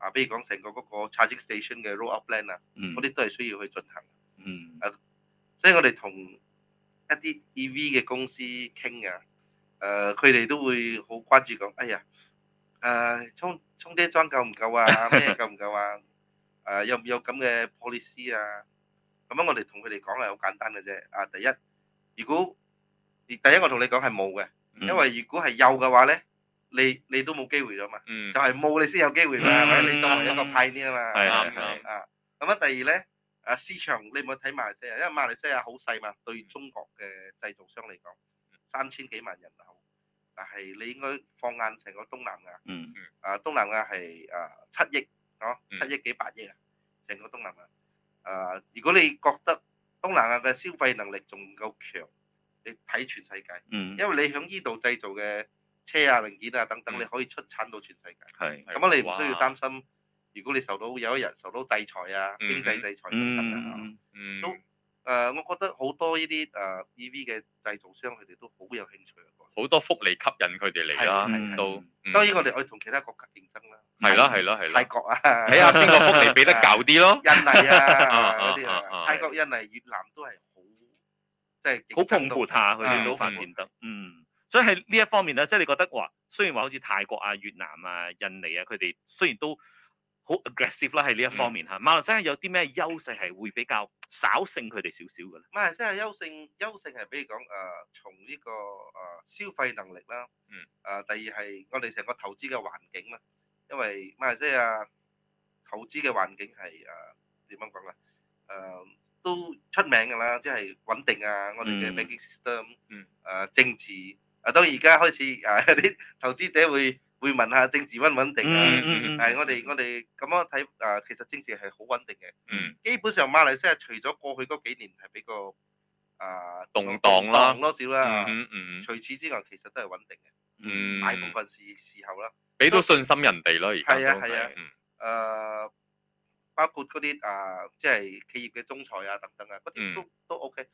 啊，比如講成個嗰個 charging station 嘅 roll out plan 啊，嗰啲都係需要去進行。嗯。誒，所以我哋同一啲 EV 嘅公司傾啊，誒，佢哋都會好關注講，哎呀，誒，充充電樁夠唔夠啊？咩夠唔夠啊？誒，有唔有咁嘅 policy 啊？咁樣我哋同佢哋講係好簡單嘅啫。啊，第一，如果，而第一我同你講係冇嘅，因為如果係有嘅話咧。你你都冇機會咗嘛？就係冇你先有機會啦，嗯、你作為、嗯、一個派啲啊嘛。係啊咁啊，第二咧，啊市場你唔好睇馬來西亞，因為馬來西亞好細嘛，對中國嘅製造商嚟講，三千幾萬人口，但係你應該放眼成個東南亞。嗯、啊，東南亞係啊七億，係、啊、七億幾百億啊，成個東南亞。啊，如果你覺得東南亞嘅消費能力仲唔夠強，你睇全世界。因為你響呢度製造嘅。車啊零件啊等等，你可以出產到全世界。係，咁啊你唔需要擔心，如果你受到有一日受到制裁啊，經濟制裁等等啊。嗯。好，我覺得好多呢啲誒 E V 嘅製造商佢哋都好有興趣啊。好多福利吸引佢哋嚟啦，都。當然我哋可以同其他國家競爭啦。係囉係囉係囉。泰國啊，睇下邊個福利俾得夠啲咯。印尼啊，啲泰國印尼、越南都係好，即係。好蓬勃下佢哋都發展得，嗯。所以喺呢一方面咧，即係你覺得話，雖然話好似泰國啊、越南啊、印尼啊，佢哋雖然都好 aggressive 啦，喺呢一方面嚇，馬來西亞有啲咩優勢係會比較稍勝佢哋少少嘅咧？唔係，即係優勝，優勝係比如講誒，從呢個誒消費能力啦，嗯，誒第二係我哋成個投資嘅環境啦，因為馬來西亞投資嘅環境係誒點樣講咧？誒都出名㗎啦，即係穩定啊，我哋嘅 banking system，嗯，誒政治。啊，到而家開始啊，啲投資者會會問下政治穩唔穩定啊。Mm hmm. 但係我哋我哋咁樣睇啊，其實政治係好穩定嘅。嗯、mm。Hmm. 基本上馬來西亞除咗過去嗰幾年係比較啊動盪啦，多，多少啦、啊嗯。嗯嗯。除、啊、此之外，其實都係穩定嘅。嗯、mm。Hmm. 大部分時時候啦。俾到信心人哋咯，而家以在都係。係啊係啊。誒，包括嗰啲啊，即、就、係、是、企業嘅仲裁啊，等等啊，嗰啲都都 OK。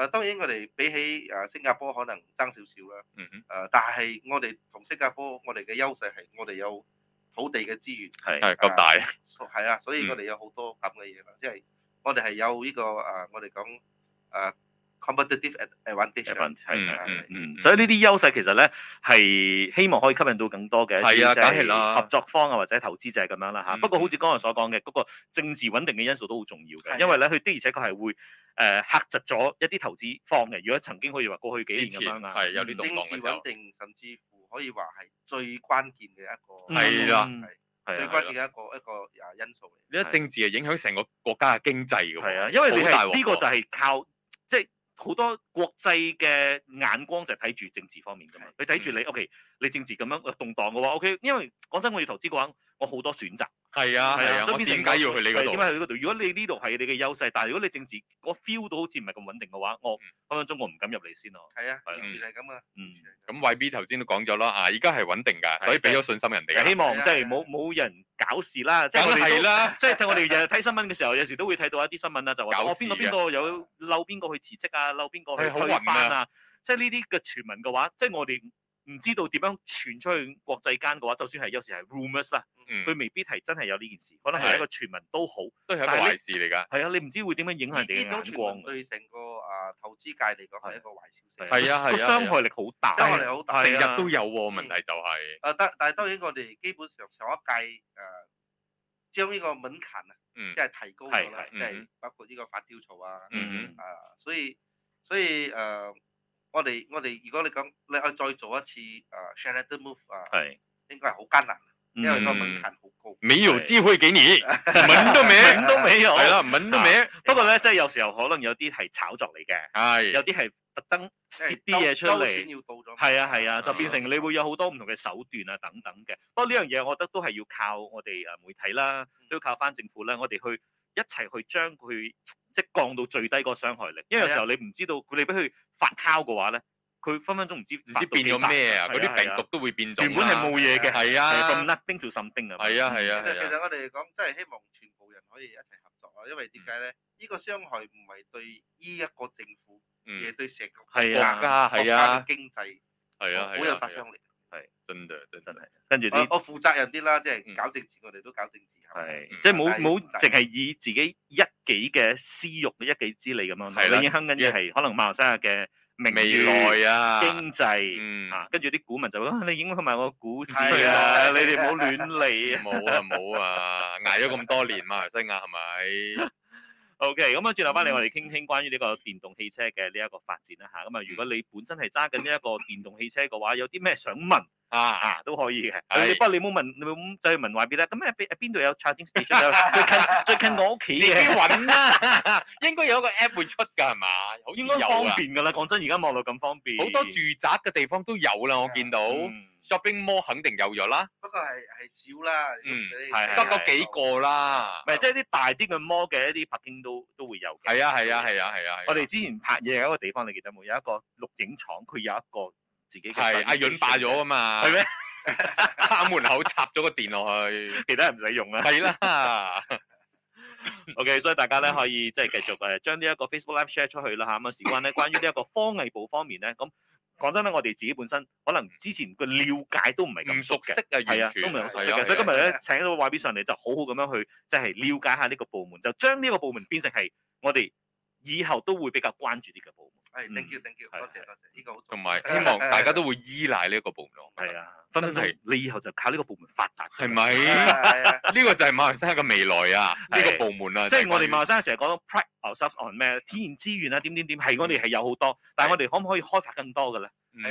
誒，當然我哋比起誒新加坡可能爭少少啦，誒、mm hmm. 但係我哋同新加坡，我哋嘅優勢係我哋有土地嘅資源係係咁大，係啊，所以、mm hmm. 我哋有好多咁嘅嘢啦，即、啊、係我哋係有呢個誒我哋講誒。啊 c，嗯，所以呢啲優勢其實咧係希望可以吸引到更多嘅，係啊，梗係啦，合作方啊或者投資者咁樣啦嚇。不過好似剛才所講嘅嗰個政治穩定嘅因素都好重要嘅，因為咧佢的而且確係會誒嚇窒咗一啲投資方嘅。如果曾經可以話過去幾年咁樣啦，係有呢啲政治穩定，甚至乎可以話係最關鍵嘅一個係啦，係最關鍵嘅一個一個因素。嚟。你覺得政治係影響成個國家嘅經濟㗎？係啊，因為你係呢個就係靠即係。好多國際嘅眼光就係睇住政治方面㗎嘛，係嘅，嗯，看你睇住你，OK，你政治咁樣動盪嘅話，OK，因為講真，我要投資嘅話。我好多選擇，係啊，所以點解要去你嗰度？點解去嗰度？如果你呢度係你嘅優勢，但係如果你政治我 feel 到好似唔係咁穩定嘅話，我咁樣中國唔敢入嚟先咯。係啊，係咁啊。嗯，咁 Y B 頭先都講咗啦，啊，而家係穩定㗎，所以俾咗信心人哋。希望即係冇冇人搞事啦。梗係啦，即係睇我哋日日睇新聞嘅時候，有時都會睇到一啲新聞啦，就話哦邊個邊個有嬲邊個去辭職啊，嬲邊個去偷翻啊，即係呢啲嘅傳聞嘅話，即係我哋。唔知道點樣傳出去國際間嘅話，就算係有時係 rumors 啦，佢未必係真係有呢件事，可能係一個傳聞都好，都係一個壞事嚟噶。係啊，你唔知會點樣影響你。而呢種傳聞對成個啊投資界嚟講係一個壞消息。係啊，個傷害力好大。因為我哋好成日都有喎問題就係。誒，但但係當然我哋基本上上一屆誒將呢個門檻啊，即係提高即係包括呢個發雕潮啊，啊，所以所以誒。我哋我哋，如果你講，你可以再做一次啊 s h a r e the move 啊，係，應該係好艱難，因為個門檻好高。沒有機會給你，揾都未，揾都未，係啦，揾都未。不過咧，即係有時候可能有啲係炒作嚟嘅，係，有啲係特登攝啲嘢出嚟，要到咗。係啊係啊，就變成你會有好多唔同嘅手段啊等等嘅。不過呢樣嘢，我覺得都係要靠我哋誒媒體啦，都要靠翻政府啦，我哋去一齊去將佢即係降到最低個傷害力，因為有時候你唔知道佢，你俾佢發酵嘅話咧，佢分分鐘唔知唔知變咗咩啊！嗰啲病毒都會變咗，原本係冇嘢嘅，係啊，從 nothing to something 啊，係啊係啊。其實我哋講真係希望全部人可以一齊合作啊，因為點解咧？呢個傷害唔係對呢一個政府，亦係對成個國家、國家經濟，係啊係啊，好有殺傷力。係真嘅，真真係。跟住啲我負責任啲啦，即係搞政治，我哋都搞政治。係，即係冇冇淨係以自己一己嘅私欲一己之利咁樣，係啦。影響緊啲係可能馬來西亞嘅未來、經濟。嗯，啊，跟住啲股民就講：你影響埋我股市啊！你哋唔好亂嚟啊！冇啊冇啊，挨咗咁多年馬來西亞係咪？O.K.，咁啊，轉頭返嚟，我哋傾傾關於呢個電動汽車嘅呢一個發展啦嚇。咁如果你本身係揸緊呢一個電動汽車嘅話，有啲咩想問？啊啊都可以嘅，不過你冇問，你冇再問話邊啦。咁咩邊度有 charging station 啊？最近我屋企嘅，自己搵啦，應該有一個 app 會出噶係嘛，應該方便噶啦。講真，而家網絡咁方便，好多住宅嘅地方都有啦。我見到 shopping mall 肯定有咗啦，不過係係少啦，得嗰幾個啦。唔係即係啲大啲嘅 mall 嘅一啲 parking 都都會有。係啊係啊係啊係啊！我哋之前拍嘢有一個地方你記得冇？有一個錄影廠，佢有一個。自己係阿潤霸咗啊嘛嗎，係咩？喺門口插咗個電落去， 其他人唔使用啊。係啦。O K，所以大家咧可以即係繼續誒、啊，將呢一個 Facebook Live share 出去啦吓。咁、嗯、啊，事關咧關於呢一個科藝部方面咧，咁、嗯、講真咧，我哋自己本身可能之前個了解都唔係咁熟嘅，熟悉嘅係啊，都唔係咁熟悉嘅。啊啊啊、所以今日咧請到 Y B 上嚟，就好好咁樣去即係了解下呢個部門，就將呢個部門變成係我哋以後都會比較關注啲嘅部門。係，Thank you，Thank you，多謝多謝，呢個好。同埋希望大家都會依賴呢一個部門，係啊，分層，你以後就靠呢個部門發達，係咪？呢個就係馬來西亞嘅未來啊，呢個部門啊，即係我哋馬來西亞成日講 pride ourselves on 咩，天然資源啊，點點點，係我哋係有好多，但係我哋可唔可以開發更多嘅咧？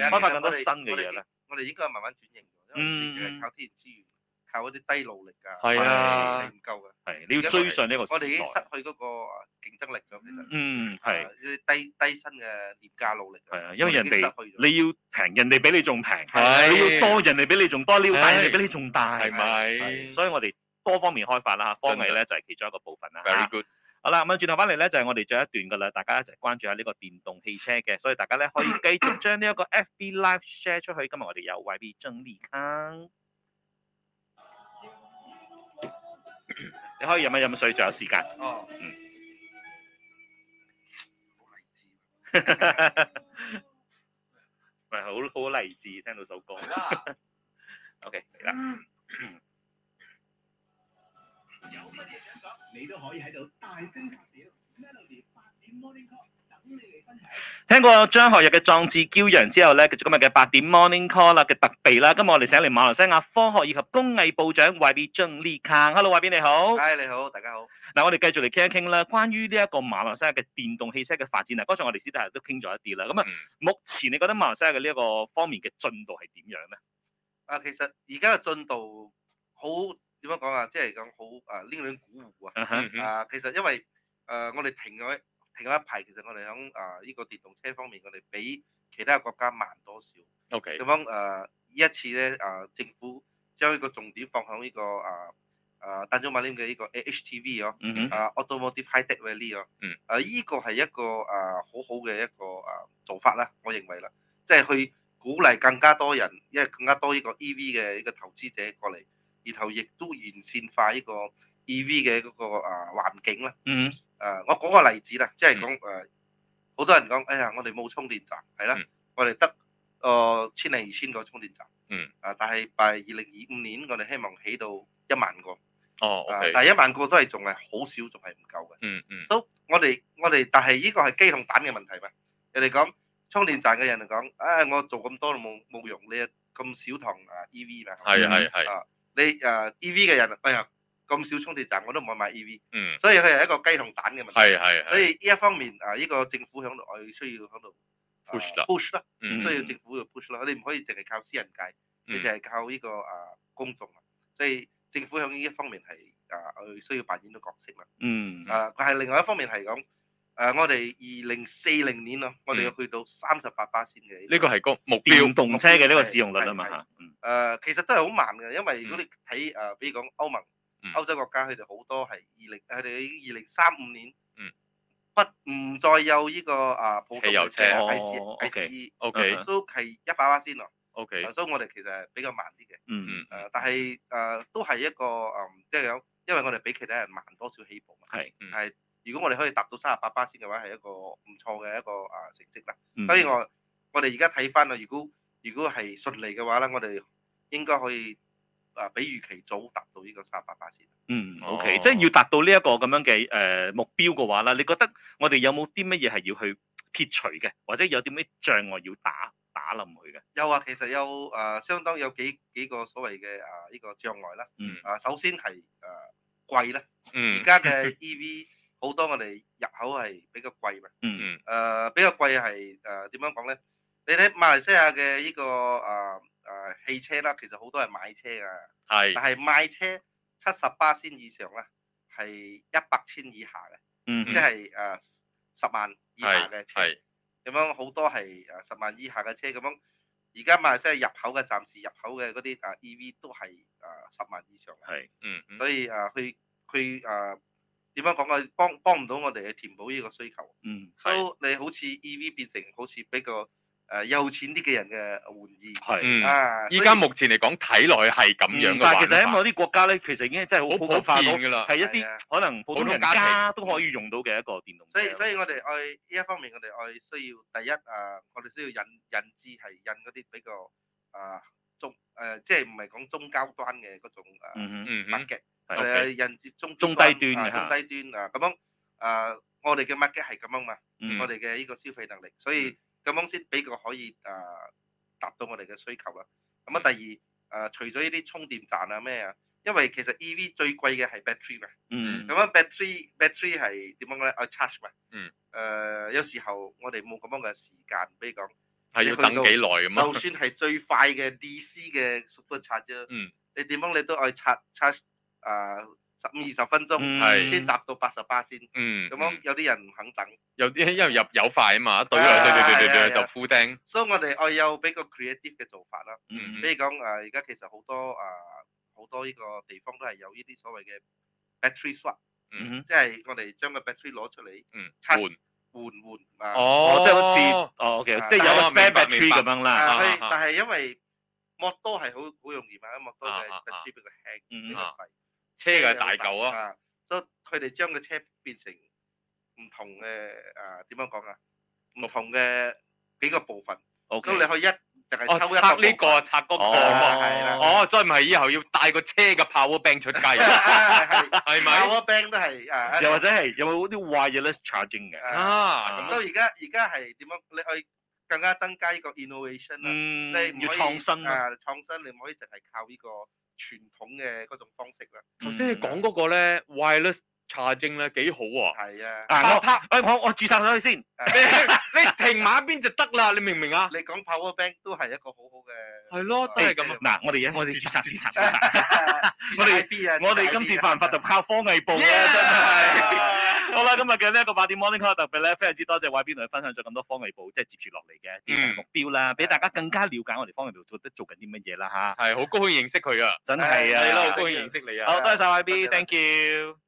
開發更多新嘅嘢咧？我哋應該慢慢轉型，嗯，淨係靠天然資源。靠嗰啲低勞力㗎，係啊，係唔夠嘅。係，你要追上呢一個時代。我哋已經失去嗰個競爭力咁，其實，嗯，係。低低薪嘅廉價勞力。係啊，因為人哋你要平，人哋比你仲平；你要多，人哋比你仲多，你要大，人哋比你仲大，係咪？所以我哋多方面開發啦嚇，科技咧就係其中一個部分啦。Very good。好啦，咁轉頭翻嚟咧，就係我哋最後一段㗎啦。大家一齊關注下呢個電動汽車嘅，所以大家咧可以繼續將呢一個 FB Live share 出去。今日我哋有 YB 張立康。你可以飲一飲水，仲有時間。哦，嗯，唔係好好勵志，聽到首歌。OK，嚟啦。有乜嘢想講？你都可以喺度大聲。聽過張學友嘅《壯志驕陽》之後咧，繼續今日嘅八點 Morning Call 啦嘅特備啦，今日我哋請嚟馬來西亞科學以及工藝部長維比鄭立康，Hello，維比你好，嗨，你好，大家好，嗱、啊，我哋繼續嚟傾一傾啦，關於呢一個馬來西亞嘅電動汽車嘅發展啊，剛才我哋私底下都傾咗一啲啦，咁啊，目前你覺得馬來西亞嘅呢一個方面嘅進度係點樣咧？啊，其實而家嘅進度好點樣講啊？即係咁好啊，呢種鼓舞啊，啊，其實因為誒、啊，我哋停咗。另一排，其實我哋響啊呢個電動車方面，我哋比其他國家慢多少？咁 Okay. 樣誒，呃、一次咧誒、呃，政府將一個重點放響呢、這個啊啊單足馬力嘅呢個 HTV 哦、mm，hmm. 啊 Automotive High Value 哦，呢、mm hmm. 啊這個係一個啊、呃、好好嘅一個啊做法啦，我認為啦，即、就、係、是、去鼓勵更加多人，因為更加多呢個 EV 嘅呢個投資者過嚟，然後亦都完善化呢個 EV 嘅嗰個啊環境啦。Mm hmm. 誒，我講個例子啦，即係講誒，好多人講，哎呀，我哋冇充電站，係啦，我哋得個千零二千個充電站，嗯，啊，但係 by 二零二五年，我哋希望起到一萬個，哦，但係一萬個都係仲係好少，仲係唔夠嘅，嗯嗯，所以我哋我哋，但係呢個係雞同蛋嘅問題嘛，人哋講充電站嘅人嚟講，啊，我做咁多都冇冇用，你咁少台 E V 嘛，係係係，啊，你誒 E V 嘅人，哎呀～咁少充電站，我都唔會買 E.V.，嗯，所以佢係一個雞同蛋嘅問題，係係係。所以呢一方面啊，呢、這個政府響度，我哋需要響度 push 啦，需要政府去 push 啦。我哋唔可以淨係靠私人界，你淨係靠呢、這個啊公眾啊。所以政府響呢一方面係啊，我哋需要扮演到角色啦。嗯啊，但係另外一方面係咁。誒，我哋二零四零年啊，我哋要去到三十八巴仙嘅呢個係個目標電動車嘅呢個使用率啊嘛嚇。誒，其實都係好慢嘅，啊嗯嗯、因為如果你睇誒，比如講歐盟。歐洲國家佢哋好多係二零，佢哋已經二零三五年，嗯，不唔再有呢個啊普通油車，I C I C，O K 都係一百巴仙咯，O K，所以我哋其實係比較慢啲嘅，嗯嗯，誒，但係誒都係一個嗯即係有，因為我哋比其他人慢多少起步，係係、嗯，如果我哋可以達到三十八巴仙嘅話，係一個唔錯嘅一個啊成績啦，嗯、所以我我哋而家睇翻啦，如果如果係順利嘅話咧，我哋應該可以。啊，比預期早達到呢個三百八十。嗯，OK，哦、即係要達到呢、這、一個咁樣嘅誒目標嘅話啦，你覺得我哋有冇啲乜嘢係要去撇除嘅，或者有啲咩障礙要打打冧佢嘅？有啊、嗯，嗯、其實有誒、呃，相當有幾幾個所謂嘅啊呢、這個障礙啦。嗯。啊，首先係誒貴啦。嗯。而家嘅 EV 好多我哋入口係比較貴㗎。嗯嗯。誒比較貴係誒點樣講咧？你睇馬來西亞嘅呢、這個誒。啊啊啊啊啊啊啊啊誒、啊，汽車啦，其實好多係買車噶，係是，但係賣車七十巴仙以上啦，係一百千以下嘅，嗯、哼即係誒十萬以下嘅車，咁樣好多係誒十萬以下嘅車，咁樣而家賣即係入口嘅，暫時入口嘅嗰啲誒 E V 都係誒十萬以上，係，嗯，所以誒佢佢誒點樣講啊？幫幫唔到我哋去填補呢個需求，嗯，都你好似 E V 變成好似比較。誒有錢啲嘅人嘅玩意、um,，嗯啊，依家目前嚟講睇落去係咁樣嘅，但係其實喺某啲國家咧，其實已經真係好好普遍㗎啦，係一啲可能普通家庭都可以用到嘅一個電動車。以動 you know. 所以，所以我哋喺呢一方面，我哋需要第一啊，我哋需要引引資係引嗰啲比較啊中誒、啊，即係唔係講中高端嘅嗰種誒 market，我哋係引接中中低端中低端啊，咁樣啊，樣 uh, uh, 這個 um、我哋嘅 market 係咁樣嘛，我哋嘅呢個消費能力，所以。咁樣先比較可以誒、啊、達到我哋嘅需求啦。咁啊，第二誒，除咗呢啲充電站啊咩啊，因為其實 E V 最貴嘅係 battery 嘛。嗯。咁啊，battery battery 係點樣咧？我 charge 嘛、嗯呃。有時候我哋冇咁樣嘅時間，比如講係要等幾耐咁啊？就算係最快嘅 DC 嘅速度 charge 啫。嗯。你點樣你都愛 charge charge 誒？十二十分鐘，先達到八十八先。嗯，咁樣有啲人唔肯等。有啲因為入有快啊嘛，一對兩對對對對就枯釘。所以我哋我有比較 creative 嘅做法啦。嗯，比如講誒，而家其實好多誒，好多呢個地方都係有呢啲所謂嘅 battery swap。即係我哋將個 battery 攞出嚟，嗯，拆換換換啊。哦，即係哦，OK，即係有個 spare battery 咁樣啦。但係因為摩托係好好容易嘛，因為摩托嘅 battery 比較輕，比較細。車嘅係大嚿啊，所以佢哋將個車變成唔同嘅啊點樣講啊？唔同嘅幾個部分。咁你可以一淨係拆呢個，拆嗰個。哦，係啦。哦，再唔係以後要帶個車嘅 power bank 出街，係咪？power bank 都係啊，又或者係有冇啲 wireless charging 嘅？啊，咁所以而家而家係點樣？你可以更加增加呢個 innovation 啊？啦。唔要創新啊！創新，你唔可以淨係靠呢個，傳統嘅嗰種方式啦，頭先你講嗰個咧 wireless。查證咧幾好啊！係啊，拍拍，我我註冊咗佢先。你停埋邊就得啦，你明唔明啊？你講 power bank 都係一個好好嘅，係咯，都係咁嗱，我哋而家，我哋註冊註冊註冊，我哋我哋今次犯法就靠科藝部嘅真係。好啦，今日嘅呢一個八點 Morning Call 特別咧非常之多謝 Y B 同佢分享咗咁多科藝部，即係接住落嚟嘅啲目標啦，俾大家更加了解我哋科藝部做得做緊啲乜嘢啦吓，係好高興認識佢啊，真係啊！係咯，高興認識你啊！好多謝曬 Y B，Thank you。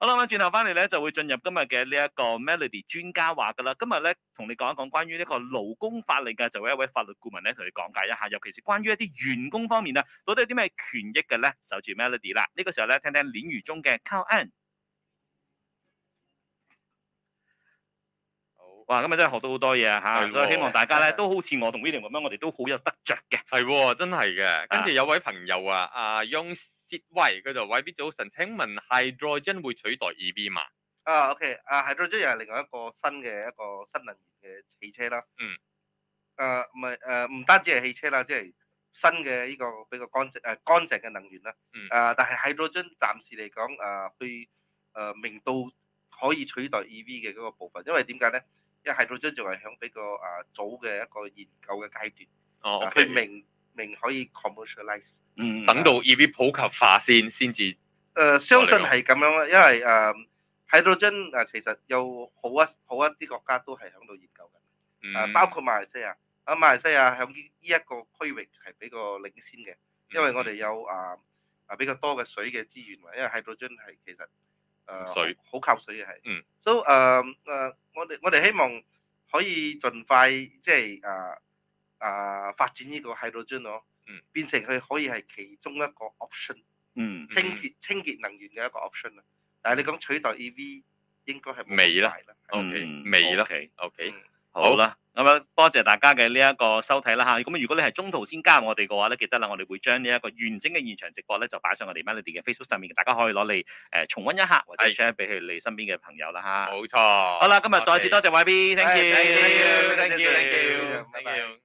好啦，咁轉頭翻嚟咧，就會進入今日嘅呢一個 Melody 專家話嘅啦。今日咧同你講一講關於呢個勞工法例嘅，就有一位法律顧問咧同你講解一下，尤其是關於一啲員工方面啊，到底有啲咩權益嘅咧？守住 Melody 啦，呢、呢個時候咧聽聽鰻如中嘅靠岸好哇！今日真係學到好多嘢的啊，所以希望大家咧的都好似我同 Vivian 咁樣，我哋都好有得着嘅。係喎，真係嘅。跟住有位朋友啊，阿、啊捷威佢就 YB 早晨，聽聞係 hydrogen 會取代 EV 嘛？啊、uh, OK，啊、uh, 係 hydrogen 又係另外一個新嘅一個新能源嘅汽車啦。嗯。誒唔係誒唔單止係汽車啦，即係新嘅呢個比較乾淨誒乾淨嘅能源啦。嗯。Uh, 但係係 hydrogen 暫時嚟講誒，去誒、呃、明到可以取代 EV 嘅嗰個部分，因為點解咧？因為係 hydrogen 仲係響比較誒早嘅一個研究嘅階段。哦，我明。可以 commercialise，嗯，嗯等到依啲普及化先，先至。誒、呃，相信係咁樣啦，因為誒 hydrogen 誒其實有好一好一啲國家都係響度研究緊，誒、嗯呃、包括馬來西亞，啊馬來西亞響呢一個區域係比較領先嘅、嗯呃，因為我哋有誒誒比較多嘅水嘅資源，因為 hydrogen 係其實誒、呃、水好、呃、靠水嘅係。嗯，所以誒誒我哋我哋希望可以盡快即係誒。So, uh, uh, 啊，發展呢個係到樽咯，變成佢可以係其中一個 option，嗯，清潔清潔能源嘅一個 option 啊。但係你講取代 EV 應該係未啦，嗯，未啦，係，OK，好啦，咁啊，多謝大家嘅呢一個收睇啦嚇。咁如果你係中途先加入我哋嘅話咧，記得啦，我哋會將呢一個完整嘅現場直播咧就擺上我哋 Melody 嘅 Facebook 上面，大家可以攞嚟誒重溫一下，或者 share 俾佢你身邊嘅朋友啦嚇。冇錯。好啦，今日再次多謝 YB，thank you，thank you，thank you，thank you。